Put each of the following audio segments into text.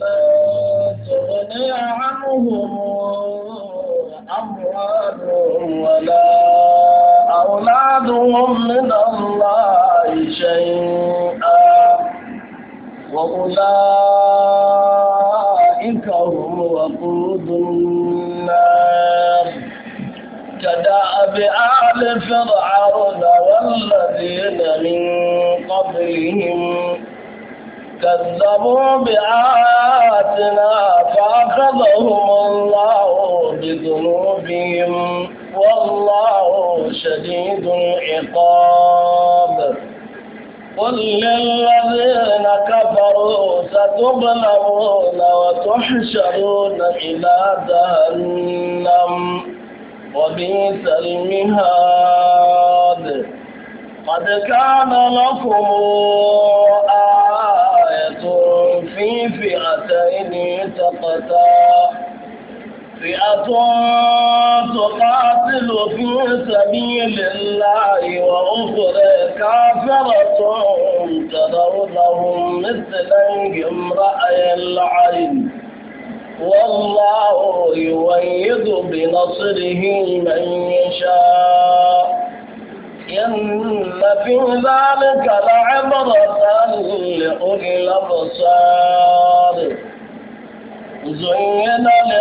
فلن تغني عنهم أموالهم ولا أولادهم من الله شيئا وأولئك هم وقود النار كدأب آل فرعون والذين من قبلهم كذبوا بآياتنا فأخذهم الله بذنوبهم والله شديد العقاب قل للذين كفروا ستغلبون وتحشرون إلى جهنم وبئس المهاد قد كان لكم آية في فئتين تقتا فئة تقاتل في سبيل الله وأخرى كافرة ترونهم مثل رأي العين والله يؤيد بنصره من يشاء إن في ذلك لعبرة لأولي الأبصار زين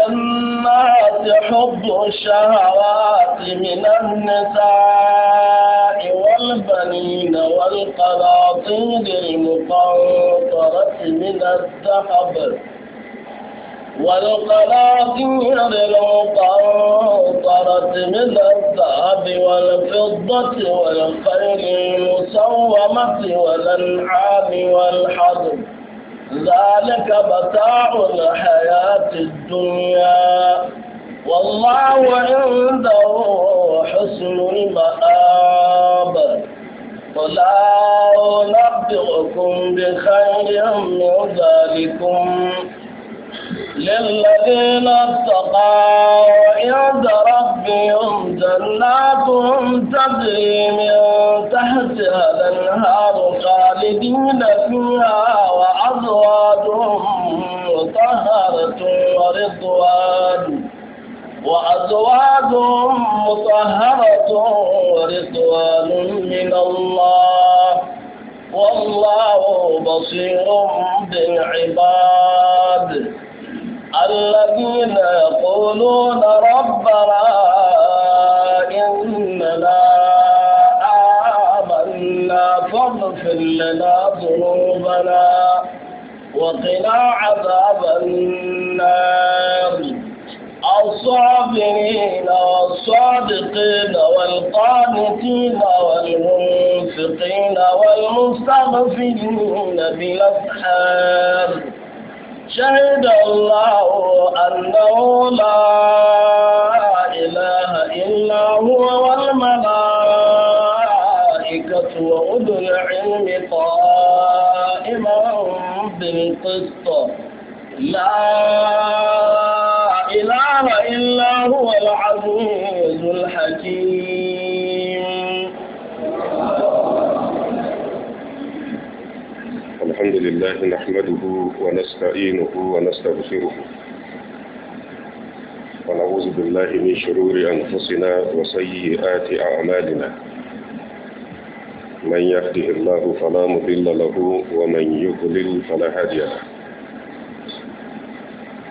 للناس حب الشهوات من النساء والبنين والقناطير المقنطرة من الذهب والقناطير المقنطرة من الذهب والفضة والخيل المسومة والأنعام والحرب ذلك متاع الحياة الدنيا والله عنده حسن المآب ولا أنبئكم بخير من ذلكم للذين اتقوا عند ربهم جنات تجري من تحتها الانهار خالدين فيها وازواج مطهره ورضوان وأزواج مطهرة ورضوان من الله والله بصير بالعباد الذين يقولون ربنا إننا آمنا فاغفر لنا ذنوبنا وقنا عذاب النار الصابرين والصادقين والقانتين والمنفقين والمستغفرين بالأسحار شهد الله أنه لا إله إلا هو والملائكة وأولو العلم قائما بالقسط لا الله إلا هو العزيز الحكيم الحمد لله نحمده ونستعينه ونستغفره ونعوذ بالله من شرور أنفسنا وسيئات أعمالنا من يهده الله فلا مضل له ومن يضلل فلا هادي له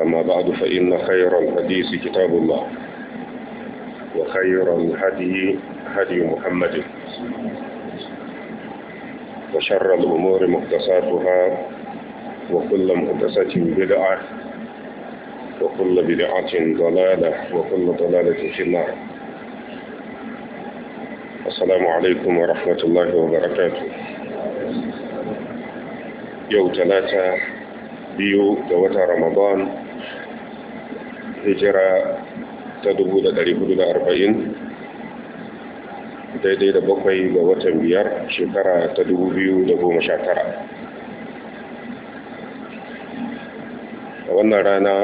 أما بعد فإن خير الحديث كتاب الله وخير الهدي هدي محمد وشر الأمور محدثاتها وكل محدثة بدعة وكل بدعة ضلالة وكل ضلالة في النار السلام عليكم ورحمة الله وبركاته يوم ثلاثة بيو دوتا رمضان hijira ta dubu da hudu arba'in, daidai da bakwai ga watan biyar shekara ta dubu biyu da goma sha tara. a wannan rana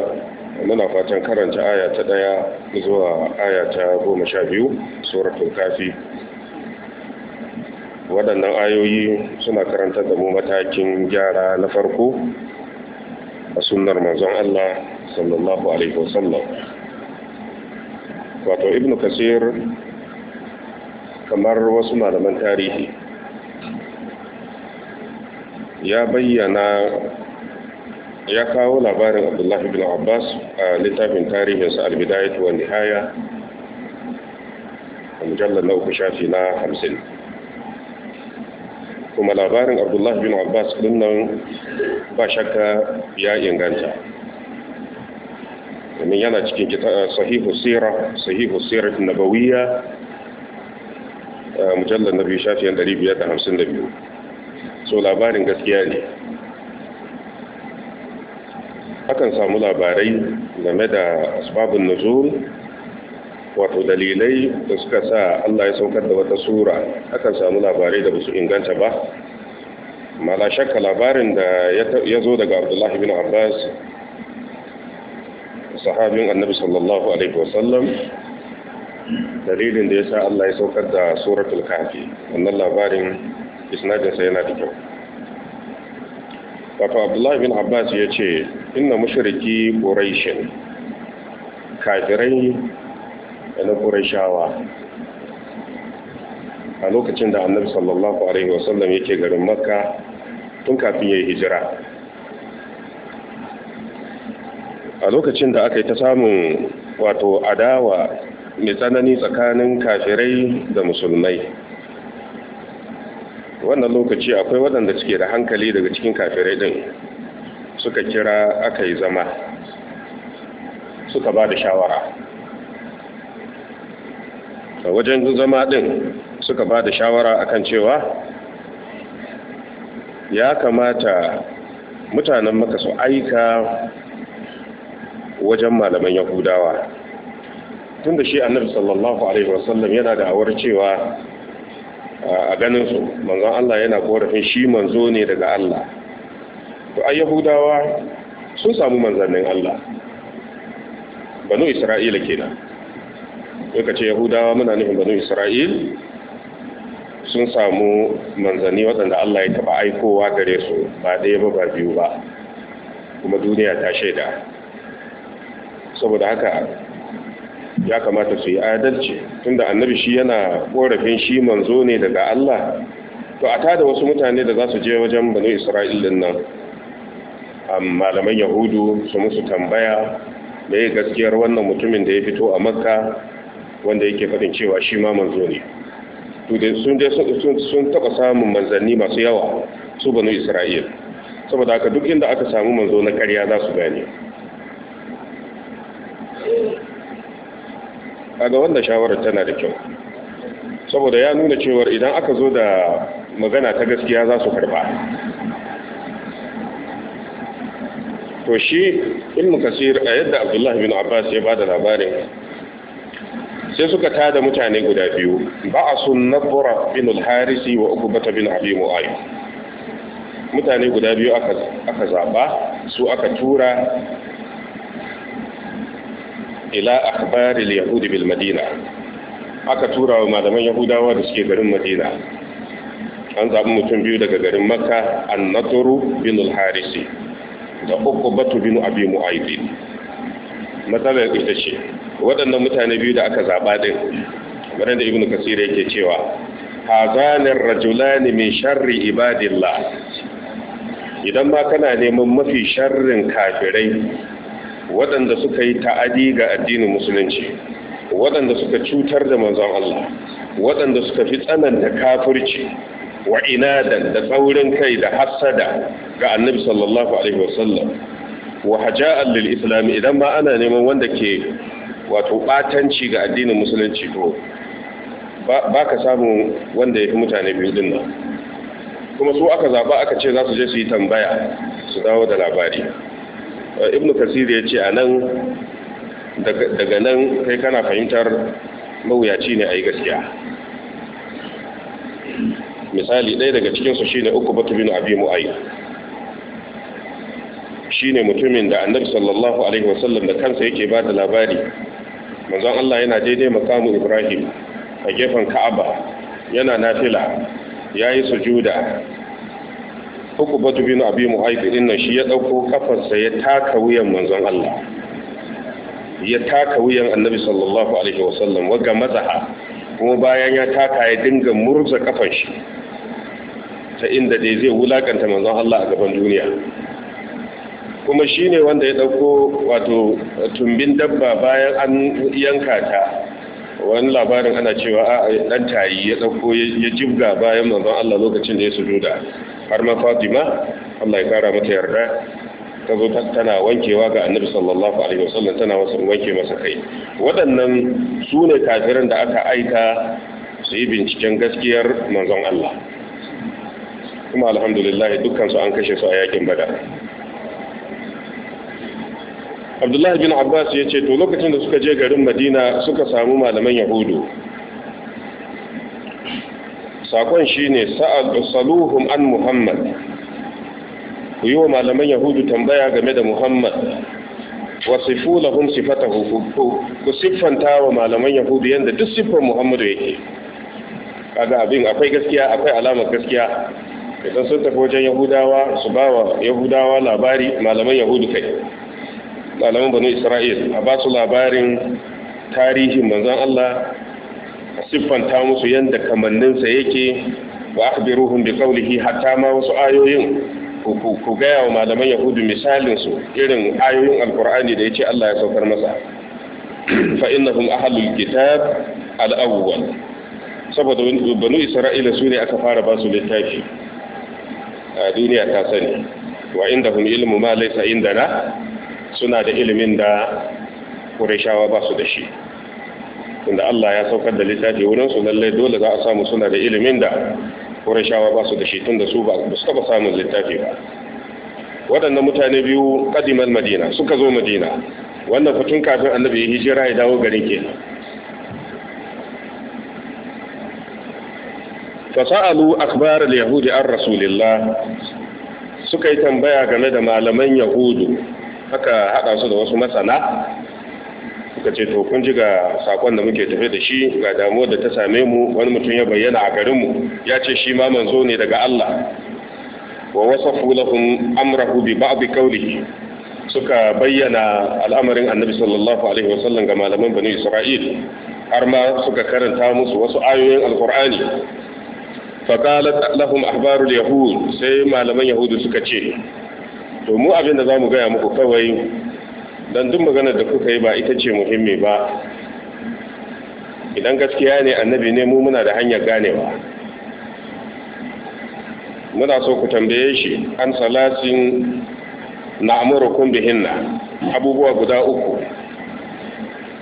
muna fatan karanta aya ta ɗaya zuwa aya ta goma sha biyu kafi waɗannan ayoyi suna karanta da mu matakin gyara na farko a sunar manzon Allah sallallahu alaihi wasallam wato ibnu kasir kamar wasu malaman tarihi ya bayyana ya kawo labarin abdullahi bin abbas a littafin tarihinsa albidayat wa nihaya a mujallar na uku shafi na hamsin kuma labarin abdullahi bin abbas ɗin nan ba shakka ya inganta domin yana cikin eh, sahihu sira sahihu sira nabawiyya eh, mujallar na biyu shafiyan 552 so labarin gaskiya ne akan samu labarai game da asbabun nuzul wato dalilai da suka sa Allah ya saukar da wata sura akan samu labarai da su inganta ba mala shakka labarin da ya zo daga abdullahi bin abbas sahabin annabi sallallahu alaihi wasallam dalilin da ya sa Allah ya saukar da suratul kafi wannan labarin isnadinsa yana da kyau wato abdullahi bin abbas ya ce inna mushriki quraish kafirai da na a lokacin da annabi sallallahu alaihi wasallam yake garin makka tun kafin ya hijira a lokacin da aka yi ta samun wato adawa mai tsanani tsakanin kafirai da musulmai wannan lokaci akwai waɗanda suke da hankali daga cikin kafirai ɗin suka kira aka yi zama suka ba da shawara a wajen zama ɗin suka ba da shawara akan cewa ya kamata mutanen maka su aika wajen malaman yahudawa tun da shi annabi sallallahu alaihi wasallam yana da awar cewa a ganin su manzon Allah yana korafin shi manzo ne daga Allah to ai yahudawa sun samu manzannin Allah banu isra'ila kenan sai ka ce yahudawa muna nufin banu isra'il sun samu manzanni waɗanda Allah ya taɓa aikowa gare su ba ɗaya ba ba biyu ba kuma duniya ta shaida saboda haka ya kamata su yi adalci tunda annabi shi yana korafin shi manzo ne daga Allah to a tada wasu mutane da za su je wajen banu isra'ilin nan malaman yahudu su musu tambaya da ya gaskiyar wannan mutumin da ya fito a makka wanda yake faɗin cewa shi ma manzo ne sun taɓa samun manzanni masu yawa su banu isra'il saboda haka duk inda aka samu manzo na ƙarya za su gane kaga wannan shawarar tana da kyau saboda ya nuna cewar idan aka zo da magana ta gaskiya za su karba to shi ilmu kasir a yadda abdullahi bin abbas ya ba da labarin sai suka tada mutane guda biyu ba a sun nabura bin al-harisi wa bata bin abi mu'ayyib mutane guda biyu aka zaba su aka tura ila akhbaril yahudi bil madina aka tura wa malaman yahudawa da suke garin madina an zaɓi mutum biyu daga garin makka an naturu bin al-harisi da uku batu bin abi mu'aibi. matsalar ita ce waɗannan mutane biyu da aka zaɓa ɗin da ibn kasir yake cewa hazanin rajulani min sharri ibadillah idan ma kana neman mafi sharrin kafirai waɗanda suka yi ta'adi ga addinin musulunci waɗanda suka cutar da manzon Allah waɗanda suka fi tsananta kafirci wa inadan da tsaurin kai da hassada ga annabi sallallahu alaihi wasallam wa haja'an lil islam idan ma ana neman wanda ke wato batanci ga addinin musulunci to ba ka samu wanda ya fi mutane biyu din nan kuma su aka zaba aka ce za su je su yi tambaya su dawo da labari ibnu kasir ya ce a nan daga nan kai kana fahimtar mawuyaci ne a yi gaskiya misali ɗaya daga cikinsu shi ne uku batu bin abi mu'ayi shi ne mutumin da annabi sallallahu alaihi wasallam da kansa yake ba da labari manzon Allah yana daidai makamu ibrahim a gefen ka'aba yana nafila ya yi sujuda uqbatu bin abi mu aiki nan shi ya dauko kafarsa ya taka wuyan manzon Allah ya taka wuyan annabi sallallahu alaihi wasallam wa ga mazaha kuma bayan ya taka ya dinga murza kafan shi ta inda dai zai wulakanta manzon Allah a gaban duniya kuma shi ne wanda ya dauko wato tumbin dabba bayan an yanka ta wani labarin ana cewa a dan tayi ya dauko ya jibga bayan manzon Allah lokacin da ya sujuda har ma fatima Allah ya kara mata yarda ta zo tana wankewa ga annabi sallallahu alaihi wasallam tana wasan wanke masa kai waɗannan su ne kafiran da aka aika su yi binciken gaskiyar manzon Allah kuma alhamdulillah dukkan su an kashe su a yakin badar abdullahi bin abbas ya ce to lokacin da suka je garin madina suka samu malaman yahudu sakon shine Saluhu an muhammad ku yi wa malaman yahudu tambaya game da muhammad Wasu wasifu sifata hukuku ku siffanta wa malaman yahudu yadda duk siffar muhammadu yake kaga abin akwai gaskiya akwai alamar gaskiya idan sun tafi wajen yahudawa su ba wa yahudawa labari malaman yahudu kai malaman banu isra'il a ba su labarin tarihin manzon allah siffanta musu yadda kamanninsa yake wa akhbiruhum bi qawlihi hatta ma wasu ayoyin ku gaya wa malaman yahudu misalinsu irin ayoyin alkur'ani da yace ce Allah ya saukar masa fa'innahum ahalul kitab al'awwal saboda banu isra'ila su ne aka fara ba su littafi a duniya ta sani wa inda ilmu ma laisa inda na suna da ilimin da ƙurashawa ba su da shi tunda Allah ya saukar da littafi wurin su lallai dole za a samu suna da ilimin da Qurayshawa ba su da shi tunda su ba su taba samun littafi ba waɗannan mutane biyu qadimal madina suka zo madina wannan fitun kafin annabi ya hijira ya dawo garin kenan Fasa'alu akhbar al-yahudi an rasulillah suka yi tambaya game da malaman yahudu haka haɗa su da wasu masana suka ce to kun ji ga sakon da muke tafe da shi ga damuwar da ta same mu wani mutum ya bayyana a garinmu ya ce shi ma manzo ne daga Allah wa wasafu lahum amrahu bi ba'd qawlihi suka bayyana al'amarin annabi sallallahu alaihi wasallam ga malaman bani isra'il har ma suka karanta musu wasu ayoyin alqur'ani faqalat lahum ahbarul yahud sai malaman yahudu suka ce to mu abin da zamu gaya muku kawai don duk maganar da kuka yi ba ita ce muhimmi ba idan gaskiya ne annabi ne mu muna da hanyar ganewa muna so ku tambaye shi an salatin na amurukun bihinna abubuwa guda uku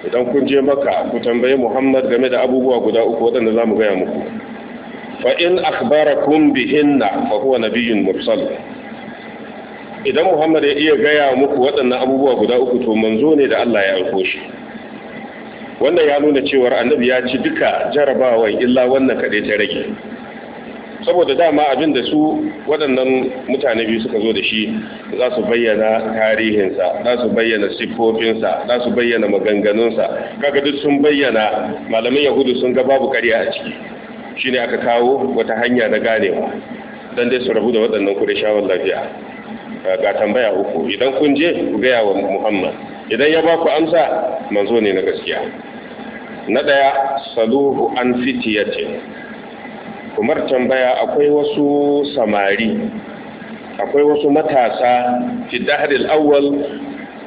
idan kun je maka ku tambayi muhammad game da abubuwa guda uku waɗanda za mu gaya muku fa'in kun bihinna fa huwa nabiyyun mursal idan Muhammad ya iya gaya muku waɗannan abubuwa guda uku to manzo ne da Allah ya aiko shi wannan ya nuna cewa annabi ya ci duka jarabawar illa wannan kaɗai ta rage saboda dama abin da su waɗannan mutane biyu suka zo da shi za su bayyana tarihinsa za su bayyana siffofinsa za su bayyana maganganunsa kaga duk sun bayyana malaman yahudu sun ga babu ƙarya a ciki shine aka kawo wata hanya na ganewa dan dai su rabu da waɗannan kureshawan lafiya ga tambaya uku idan kun je ku gaya wa muhammad idan ya ba ku amsa manzo ne na gaskiya na ɗaya saluhu an fitiyate kumar tambaya akwai wasu samari akwai wasu matasa fi dahril awwal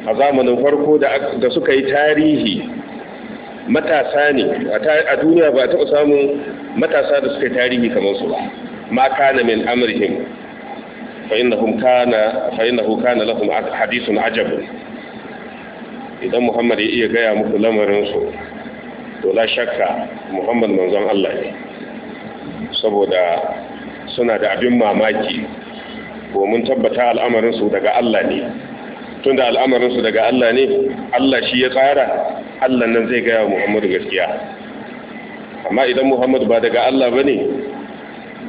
a zamanin farko da suka yi tarihi matasa ne a duniya ba ta taɓa samun matasa da suka yi tarihi kamar su ba ma kana min amrihim فإنهم كان فإنه كان لهم حديث عجب إذا محمد إيه جاء مكلم رنسو ولا شك محمد زمان الله saboda suna da abin mamaki ko mun tabbata su daga Allah ne tunda al'amarinsu daga Allah ne Allah shi ya tsara Allah nan zai gaya Muhammadu gaskiya amma idan Muhammadu ba daga Allah ba ne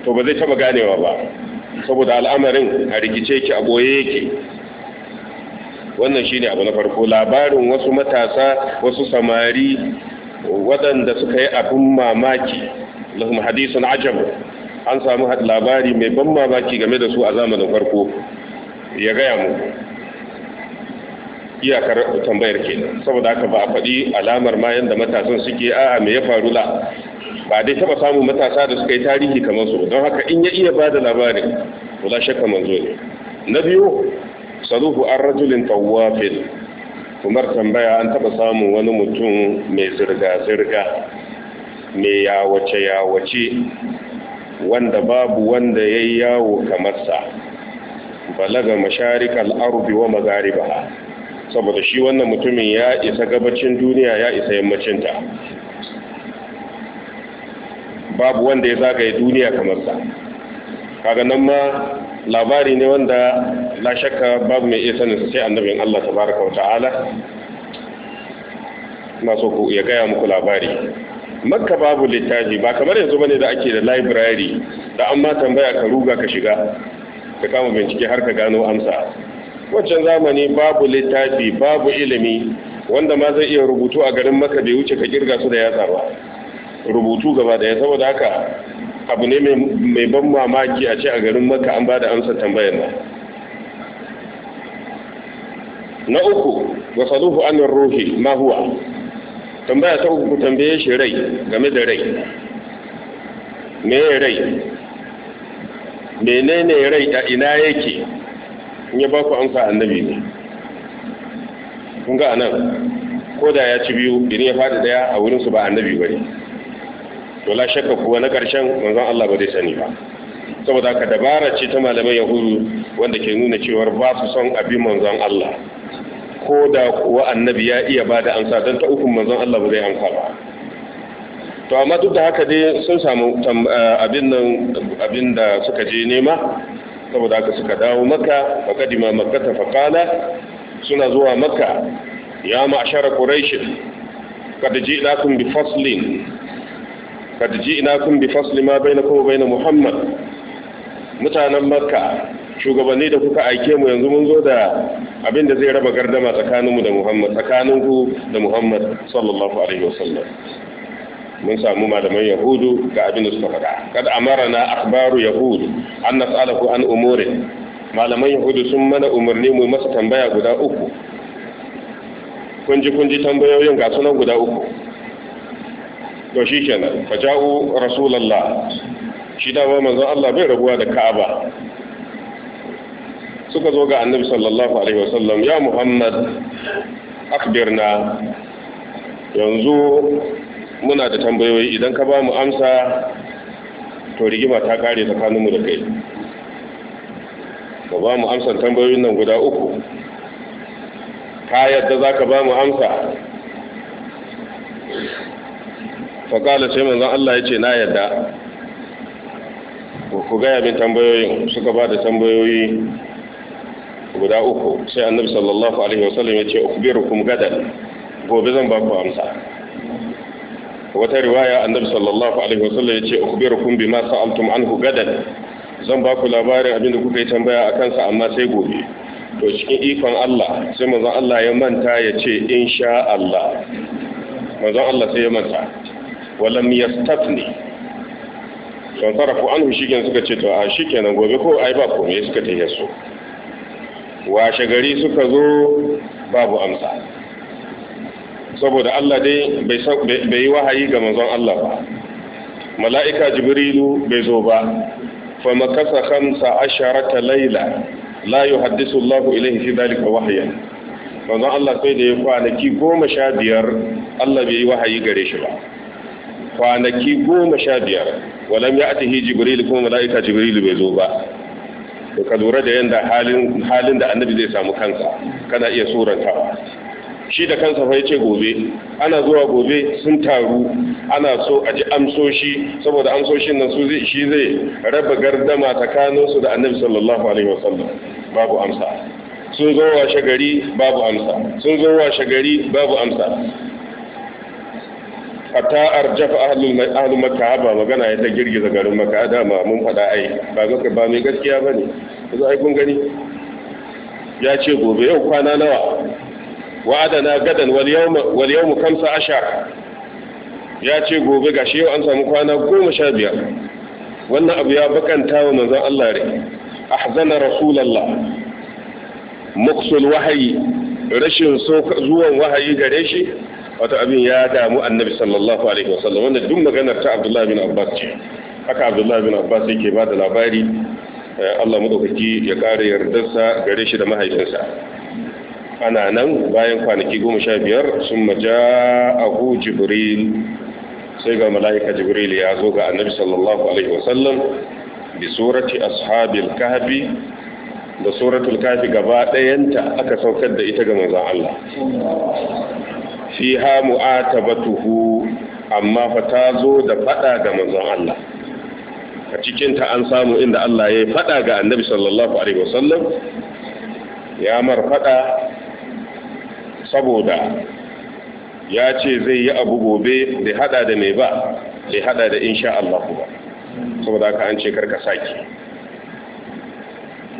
to ba zai taba ganewa ba saboda al'amarin a rikice ki a boye yake wannan shine abu na farko labarin wasu matasa wasu samari waɗanda suka yi abin mamaki lahum hadisun ajab an samu labari mai ban mamaki game da su a zamanin farko ya gaya mu iyakar tambayar kenan saboda haka ba a faɗi alamar ma yadda matasan suke a me ya faru la ba dai taba samun matasa da suka yi tarihi kamar su don haka in ya iya ba da labarin to za shakka manzo ne na biyu saluhu an rajulin tawafin kumar tambaya an taba samun wani mutum mai zirga-zirga mai yawace-yawace wanda babu wanda ya yi yawo kamar sa balaga masharikal al'arubi wa magariba saboda shi wannan mutumin ya isa gabacin duniya ya isa yammacinta babu wanda ya zagaye duniya kamar sa kaga nan ma labari ne wanda la shakka babu mai iya saninsa sai annabin Allah tabaraka wa ta'ala na ku ya gaya muku labari makka babu littafi ba kamar yanzu bane da ake da library da amma tambaya ka ruga ka shiga ka kama bincike har ka gano amsa wancan zamani babu littafi babu ilimi wanda ma zai iya rubutu a garin maka bai wuce ka kirga su da yatsa ba rubutu gaba daya saboda haka abu ne mai ban mamaki a ce a garin maka an ba da amsar tambayar na. na uku wasaluhu an ruhi ma huwa tambaya ta uku tambaye shi rai game da rai me rai menene rai a ina yake in ya baku ku amsa annabi ne kun ga anan ko da ya ci biyu idan ya faɗi ɗaya a wurin su ba annabi bane to la shakka kuwa na ƙarshen manzon Allah ba zai sani ba saboda ka dabara ce ta malamai yahudu wanda ke nuna cewa ba su son abin manzon Allah ko da kuwa annabi ya iya bada amsa don ta uku manzon Allah ba zai amsa ba to amma duk da haka dai sun samu eh, abin nan abin da suka je nema saboda haka suka dawo makka fa kadima makkata fa qala suna zuwa maka ya ma'shara quraish qad ji'nakum bi faslin qad ji'nakum bi faslin ma bai na kuma bai na muhammad mutanen maka shugabanni da kuka aike mu yanzu mun zo da abin da zai raba gardama tsakaninmu da muhammad tsakaninku da muhammad sallallahu alaihi wasallam mun samu malaman yahudu ga abin da suka faɗa kad amarna akhbaru yahud an nas'alahu an umuri malaman yahudu sun mana umarni mu masa tambaya guda uku kunji kunji tambayoyin ga sunan guda uku to shi kenan ja'u rasulullah shi dama manzon Allah bai rabuwa da Ka'aba suka zo ga annabi sallallahu alaihi wasallam ya muhammad akbirna yanzu muna da tambayoyi idan ka ba mu amsa to rigima ta kare tsakaninmu da kai ka ba mu amsa tambayoyin nan guda uku ka yadda za ka ba mu amsa faƙala sai manzon Allah ya ce na yadda ku gaya min tambayoyin suka ba da tambayoyi guda uku sai annabi sallallahu alaihi wasallam ya ce ukbirukum gadan gobe zan ba ku amsa wata riwaya annabi sallallahu alaihi wasallam yace ukhbirukum bima sa'altum anhu gadan zan ba ku labarin abin da kuka yi tambaya akan sa amma sai gobe to cikin ikon Allah sai manzon Allah ya manta ya ce insha Allah manzon Allah sai ya manta mi yastafni sun sarrafa anhu shigen suka ce to a shikenan gobe ko ai ba komai suka tafi yaso washe gari suka zo babu amsa saboda Allah dai bai yi wahayi ga manzon Allah ba mala'ika jibrilu bai zo ba fa makasa a asharata laila la haddisa Allah ilai fi dalika wahyan manzon Allah sai da ya kwanaki goma sha biyar Allah bai yi wahayi gare shi ba kwanaki goma sha biyar walam ya atihi jibrilu kuma mala'ika jibrilu bai zo ba ka lura da yadda halin da annabi zai samu kansa kana iya suranta shi da kansa fa yace gobe ana zuwa gobe sun taru ana so a ji amsoshi saboda amsoshin nan su zai shi zai raba gardama tsakanin su da annabi sallallahu alaihi wasallam babu amsa sun zo wa shagari babu amsa sun zo wa shagari babu amsa hatta arjafa ahlul makka ba magana ya ta girgiza garin makka dama mun faɗa ai ba maka ba mai gaskiya bane yanzu ai kun gani ya ce gobe yau kwana nawa وعدنا غدا واليوم واليوم kamsa عشر ya ce gobe gashi yau an samu kwana goma sha biyar wannan abu ya bakanta wa manzon Allah rai ahzana rasulullah muksul wahayi rashin so zuwan wahayi gare shi wato abin ya damu annabi sallallahu alaihi wasallam wannan duk maganar ta abdullahi bin Abbas ce haka Abdullahi bin Abbas yake ba da labari eh, Allah madaukaki ya kare yardarsa gare shi da mahaifinsa ana nan bayan kwanaki goma sha biyar sun maja Abu jibril sai ga mala'ika jibril ya zo ga annabi sallallahu alaihi wasallam bi surati ashabil kahfi da suratul kahfi gaba ɗayanta aka saukar da ita ga manzon Allah fiha mu'atabatuhu amma fa ta zo da fada ga manzon Allah a cikin ta an samu inda Allah ya fada ga annabi sallallahu alaihi wasallam ya mar fada saboda ya ce zai yi abu gobe da hada da mai ba da hada da insha Allah ba saboda ka an ce karka saki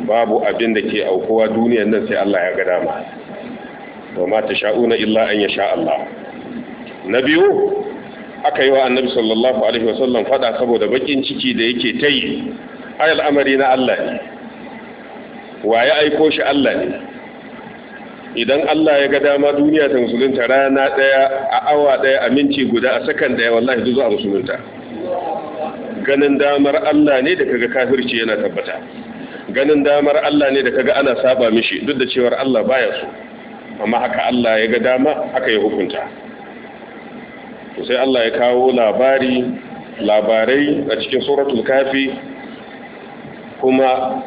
babu abin da ke aukuwa duniyar nan sai Allah ya ga dama to ma tasha'una illa an yasha Allah na biyu aka yi wa annabi sallallahu alaihi wasallam fada saboda bakin ciki da yake ta yi al'amari na Allah ne Wa ya aiko shi Allah ne idan Allah ya ga dama duniya ta musulunta rana ɗaya a awa ɗaya a minti guda a sakan ɗaya wallahi zuwa musulunta ganin damar Allah ne da kaga kafirci yana tabbata ganin damar Allah ne da kaga ana saba mishi duk da cewar Allah baya so amma haka Allah ya ga dama haka ya hukunta to sai Allah ya kawo labari labarai a cikin suratul kafi kuma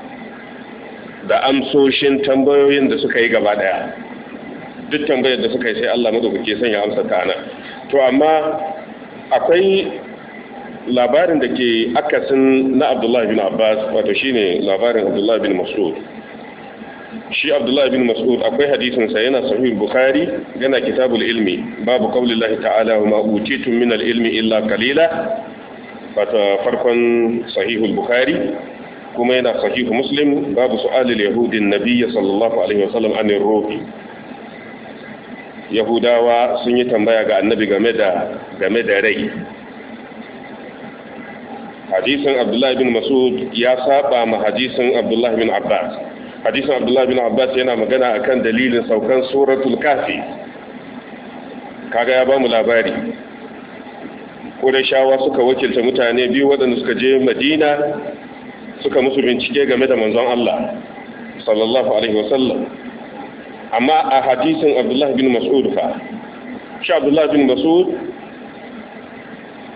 da amsoshin tambayoyin da suka yi gaba daya duk tambayar da suka yi sai Allah madaukake sanya amsa ta ana to amma akwai labarin da ke akasin na Abdullahi bin Abbas wato shine labarin Abdullahi bin Mas'ud shi Abdullahi bin Mas'ud akwai hadisin sa yana sahih Bukhari yana kitabul ilmi babu qaulillahi ta'ala wa ma utitum min al-ilmi illa qalila wato farkon sahihul Bukhari kuma yana sahihu muslim babu su'alil yahudin Nabiya sallallahu alaihi wasallam anir ruhi yahudawa sun yi tambaya ga annabi game da game da rai hadisin abdullahi bin masud ya saba ma hadisin abdullahi bin abbas hadisin abdullahi bin abbas yana magana akan dalilin saukan suratul kafi kaga ya ba mu labari shawa suka wakilta mutane biyu waɗanda suka je madina suka musu bincike game da manzon Allah sallallahu alaihi wasallam amma a hadisin Abdullah bin Mas'ud fa shi Abdullah bin Mas'ud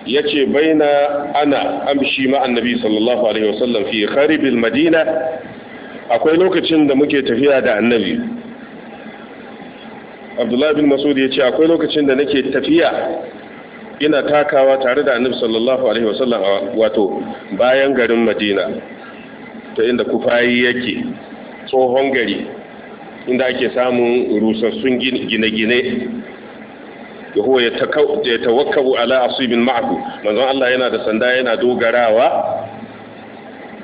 yace baina ana amshi ma annabi sallallahu alaihi wasallam fi kharibil madina akwai lokacin da muke tafiya da annabi Abdullah bin Mas'ud yace akwai lokacin da nake tafiya ina takawa tare da annabi sallallahu alaihi wasallam wato bayan garin madina ta inda kufayi yake tsohon gari inda ake samun rusassun gine-gine ya huwa ya tawakkabu ala asibin ma'ahu manzon Allah yana da sanda yana dogarawa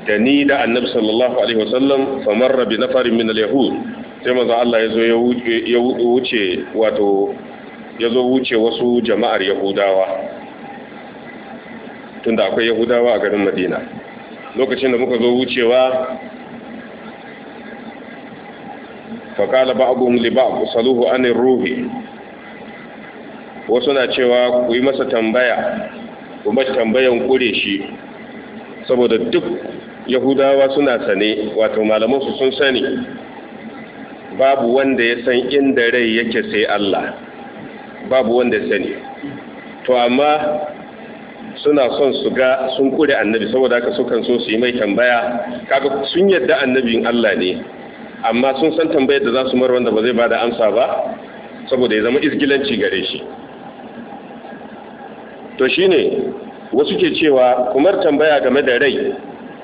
da ni da annabi sallallahu alaihi wasallam famarra bi nafarin min al-yahud sai manzon Allah ya zo ya wuce wato ya wuce wasu jama'ar yahudawa tunda akwai yahudawa a garin madina lokacin da muka zo wucewa faƙala ba abu li saluhu anin ruhi wasu na cewa ku yi masa tambaya kuma tambayan kure shi saboda duk yahudawa suna sane wato malamansu sun sani babu wanda ya san inda rai yake sai Allah babu wanda sani to amma suna son su ga sun kure annabi saboda haka sukan so su yi mai tambaya kaga sun yadda annabin Allah ne amma sun san tambayar da za su mar wanda ba zai bada amsa ba saboda ya zama izgilanci gare shi to shine wasu ke cewa kumar tambaya game da rai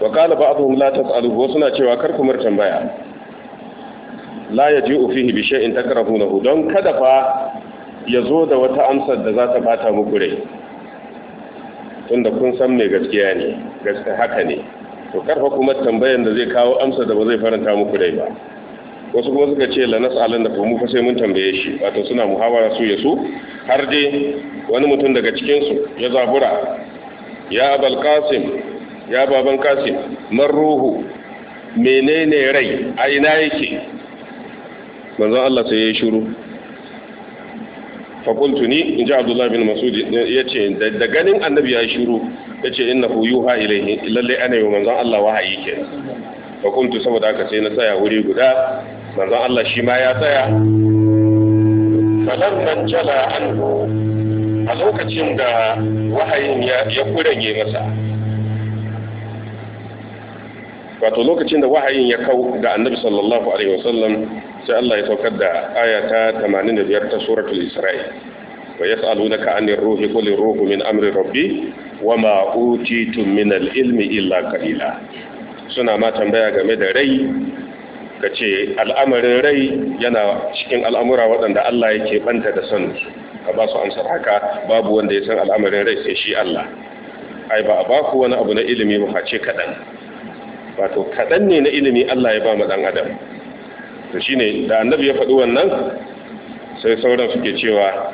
wa qala ba'dhum la tas'alu wasu na cewa kar kumar tambaya la yaji'u fihi bi shay'in takrahunahu don kada fa ya zo da wata amsar da za ta bata muku rai tunda kun san mai gaskiya ne gaskiya haka ne to karfa kuma tambayan da zai kawo amsa da ba zai faranta muku dai ba wasu kuma suka ce lanas alin da mu fa sai mun tambaye shi wato suna muhawara su ya su har dai wani mutum daga cikin su ya zabura ya abal qasim ya baban qasim man ruhu menene rai a ina yake manzon Allah sai ya shiru فقلت ni in ji abdullah bin masud ya ce da ganin annabi ya shiru ya ce inna hu yuha ilaihi ana yi manzon Allah wahayi ke faƙultu saboda haka sai na tsaya wuri guda manzon Allah shi ma ya tsaya falan nan jala anhu a lokacin da wahayin ya kuranye masa wato lokacin da wahayin ya kau da annabi sallallahu alaihi wasallam sai Allah ya saukar da ayata ta 85 ta suratul Isra'i wa yas'alunaka 'anil ruhi qul ruhu min amri rabbi wama utitum min al-ilmi illa qalila suna ma tambaya game da rai kace al'amarin rai yana cikin al'amura waɗanda Allah yake banta da san ka ba su amsar haka babu wanda ya san al'amarin rai sai shi Allah ai ba a ba ku wani abu na ilimi ba face kaɗan wato kaɗan ne na ilimi Allah ya ba mu ɗan adam to shine da annabi ya faɗi wannan sai sauran suke cewa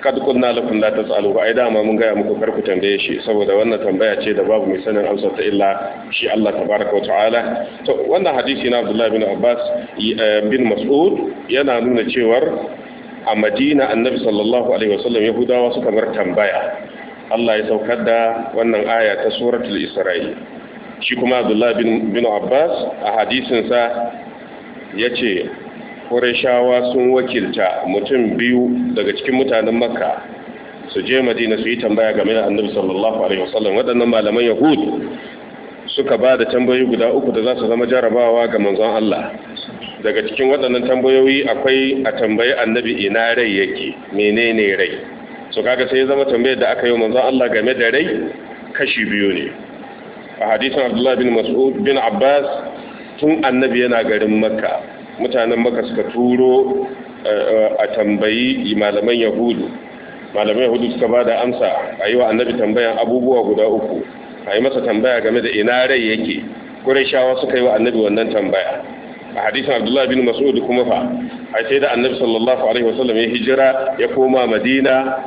kad kunna lakum la tasaluhu ai ma mun gaya muku kar ku tambaye shi saboda wannan tambaya ce da babu mai sanin amsar ta illa shi Allah tabaraka wa ta'ala to wannan hadisi na Abdullah bin Abbas eh, bin Mas'ud yana nuna cewa a Madina annabi sallallahu alaihi wasallam Yahudawa suka bar tambaya Allah ya saukar da wannan aya ta suratul Isra'i shi kuma Abdullah bin Abbas a hadisinsa ya ce ƙurashawa sun wakilta mutum biyu daga cikin mutanen makka su je madina su yi tambaya game da annabi sallallahu alaihi wasallam waɗannan malaman yahud suka ba da tambayoyi guda uku da za su zama jarabawa ga manzon Allah daga cikin waɗannan tambayoyi akwai a tambayi annabi ina rai yake menene rai so kaga sai ya zama tambayar da aka yi manzon Allah game da rai kashi biyu ne a hadisin Abdullah bin Mas'ud bin Abbas tun annabi yana garin makka mutanen makka suka turo eh, eh, a tambayi malaman yahudu malaman yahudu suka ba da amsa a yi wa annabi tambayan abubuwa guda uku a yi masa tambaya game da ina rai yake shawa suka yi wa annabi wannan tambaya a hadisin abdullahi bin mas'ud kuma fa a sai da annabi sallallahu alaihi wasallam ya hijira ya koma madina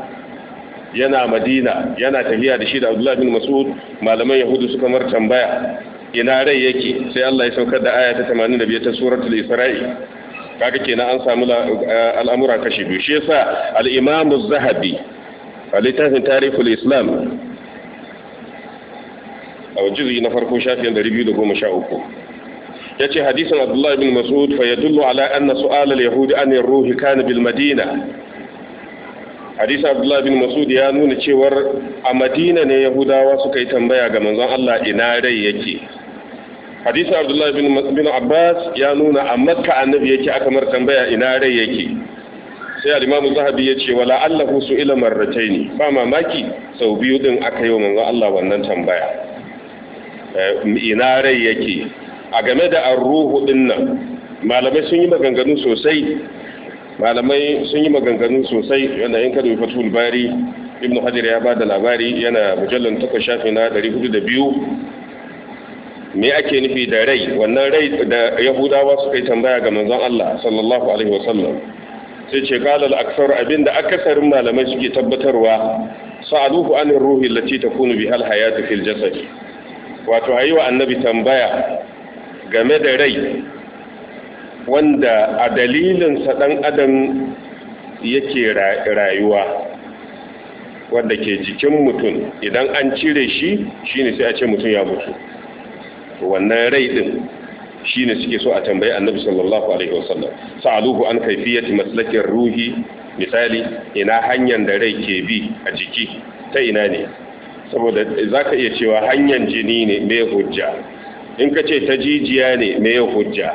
yana madina yana tafiya da shi da abdullahi bin mas'ud malaman yahudu suka mar tambaya ina rai yake sai Allah ya saukar da aya ta 85 ta suratul Isra'i kaga kenan an samu eh, al'amura kashi biyu shi yasa al-Imam az-Zahabi a littafin Tarikhul Islam a juzi na farko shafin 213 ya ce hadisin abdullahi bin mas'ud fa ya dullu ala anna ruhi kana bil madina abdullahi bin mas'ud ya nuna cewar a madina ne yahudawa suka yi tambaya ga manzon Allah ina rai yake hadisi abdullahi bin abbas ya nuna a makka annabi yake aka mar tambaya ina rai yake sai al-imamu zahabi ya ce wala allahu su'ila ne? ba mamaki sau biyu din aka yi wa manzo Allah wannan tambaya eh, ina rai yake a game da ar-ruhu din nan malamai sun yi maganganu sosai malamai sun yi maganganu sosai yana yin kadu fatul bari ibnu hajar ya ba da labari yana mujallan 8 shafi na 402 me ake nufi da rai wannan rai da yahudawa suka yi tambaya ga manzon Allah sallallahu alaihi wasallam sai ce qala al-aksar abinda akasarin malamai suke tabbatarwa sa'aluhu anir ruhi allati takunu biha al-hayatu fil jasad wato ayiwa annabi tambaya game da rai wanda a dalilin sa dan adam yake rayuwa wanda ke jikin mutum idan an cire shi shine sai a ce mutum ya mutu wannan rai din shine suke so a tambayi annabi sallallahu alaihi wasallam sa'aluhu an kaifiyati maslakin ruhi misali ina hanyar da rai ke bi a jiki ta ina ne saboda zaka iya cewa hanyar jini ne me hujja in ka ce ta jijiya ne me hujja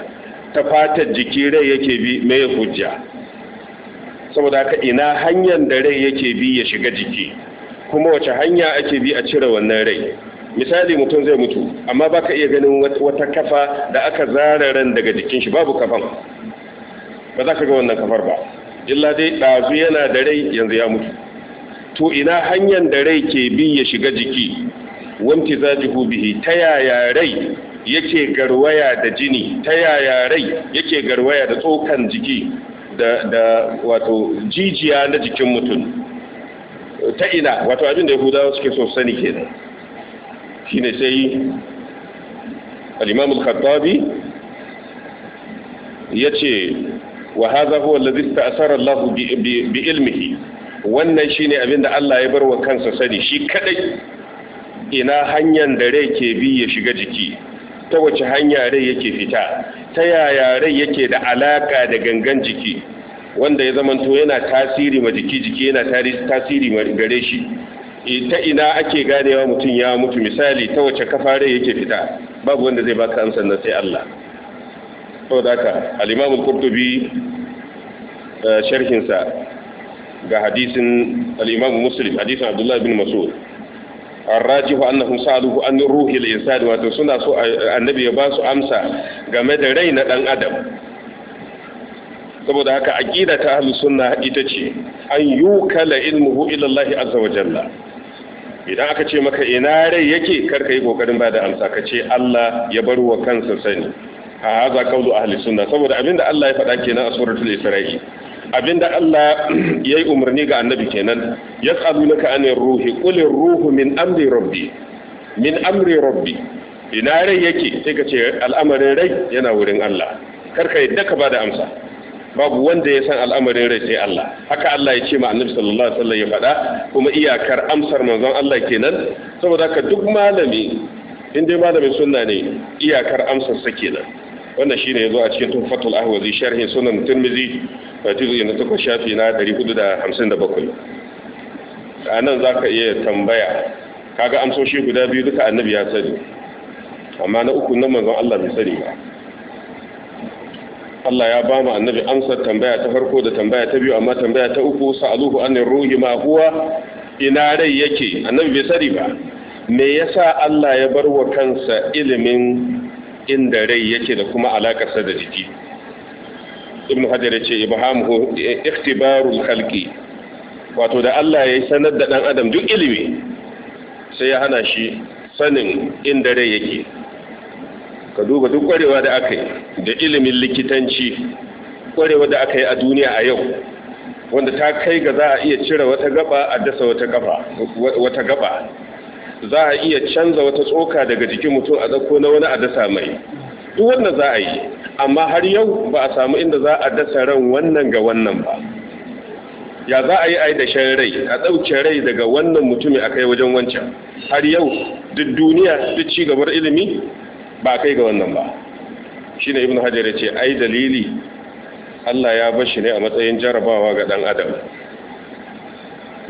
ta fatar jiki rai yake bi me hujja saboda ka ina hanyar da rai yake bi ya shiga jiki kuma wace hanya ake bi a cire wannan rai misali mutum zai mutu amma baka iya ganin wata kafa da aka zara ran daga jikin shi babu kafan ba za ka ga wannan kafar ba illa dai ɗazu yana da rai yanzu ya mutu to ina hanyar da rai ke bi ya shiga jiki wanti za bihi ta yaya rai yake garwaya da jini ta yaya rai yake garwaya da tsokan jiki da, wato jijiya na jikin mutum ta ina wato abin da yahudawa suke so sani kenan shine sai al-imam al-khattabi yace wa hadha huwa alladhi ta'assara Allah bi ilmihi wannan shine abin da Allah ya bar wa kansa sani shi kadai ina hanyar da rai ke bi ya shiga jiki ta wace hanya rai yake fita ta yaya rai yake da alaka da gangan jiki wanda ya zamanto yana tasiri ma jiki jiki yana tasiri ma gare shi Eh, ta ina ake ganewa mutum ya mutu misali ta wace kafare yake fita babu wanda zai baka amsar na sai Allah da haka al-Imam al eh, sharhinsa ga hadisin al-Imam Muslim hadisin Abdullah ibn Mas'ud الراجح انهم سالوه عن روح الانسان wato suna so annabi ya ba su amsa game da rai na dan adam saboda haka aqida ta ahlus sunna ita ce an yukala ilmuhu ila Allah azza wa jalla idan aka ce maka ina rai yake karka yi kokarin ba da amsa ka ce Allah ya bar wa kansa sani a haza kaulu ahli sunna saboda abinda Allah ya faɗa kenan a suratul isra'i abinda Allah yayi umarni ga annabi kenan yas'alunaka anir ruhi qul ruhu min amri rabbi min amri rabbi ina rai yake sai ka ce al'amarin rai yana wurin Allah karka yadda ka ba da amsa babu wanda ya san al'amarin rai sai Allah haka Allah ya ce ma annabi sallallahu alaihi wasallam ya faɗa kuma iyakar amsar manzon Allah kenan saboda haka duk malami in dai malamin sunna ne iyakar amsar sa kenan wannan shine yazo a cikin tufatul ahwazi sharhi sunan tirmizi fatizu na takwas shafi na 457 a nan zaka iya tambaya kaga amsoshi guda biyu duka annabi ya sani amma na uku nan manzon Allah bai sani ba Allah ya ba mu annabi amsar tambaya ta farko da tambaya ta biyu amma tambaya ta uku sa'aluhu anir ruhi ma huwa ina rai yake annabi bai sani ba me yasa Allah ya bar wa kansa ilimin inda rai yake da kuma alakarsa da jiki ibn hajar ya ce ibhamuhu ikhtibarul khalqi wato da Allah ya sanar da dan adam duk ilimi sai ya hana shi sanin inda rai yake ka duba duk kwarewa da aka yi da ilimin likitanci kwarewa da aka yi a duniya a yau wanda ta kai ga za a iya cire wata gaba a dasa wata gaba za a iya canza wata tsoka daga jikin mutum a dauko na wani a dasa mai duk wanda za a yi amma har yau ba a samu inda za a dasa ran wannan ga wannan ba ya za a yi ai da shan rai a ɗauke rai daga wannan mutumin a kai wajen wancan har yau duk duniya duk ci gabar ilimi ba kai ga wannan ba shi ne ibn hajar ya ce ai dalili allah ya bar shi ne a matsayin jarabawa ga dan adam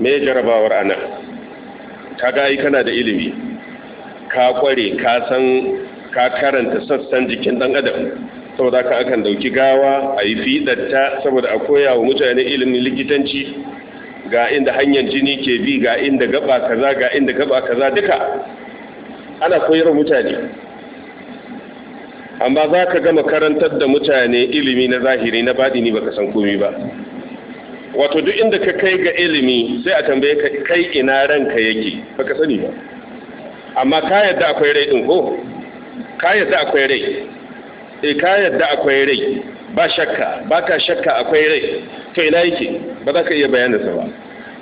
me jarabawar a nan ga kana da ilimi ka kware ka san ka karanta sassan jikin ɗan adam saboda ka akan dauki gawa a yi fiɗatta saboda a koya wa mutane ilimin likitanci ga inda hanyar jini ke bi ga inda gaba kaza ga inda gaba kaza duka ana koyar mutane amma za ka gama karantar da mutane ilimi na zahiri na baɗini baka san komi ba wato duk inda ka kai ga ilimi sai a tambaye ka kai ina ranka yake baka sani ba amma ka yadda akwai rai ɗin ko ka yadda akwai rai eh ka yadda akwai rai ba shakka ba ka shakka akwai rai to ina yake ba za ka iya bayanin sa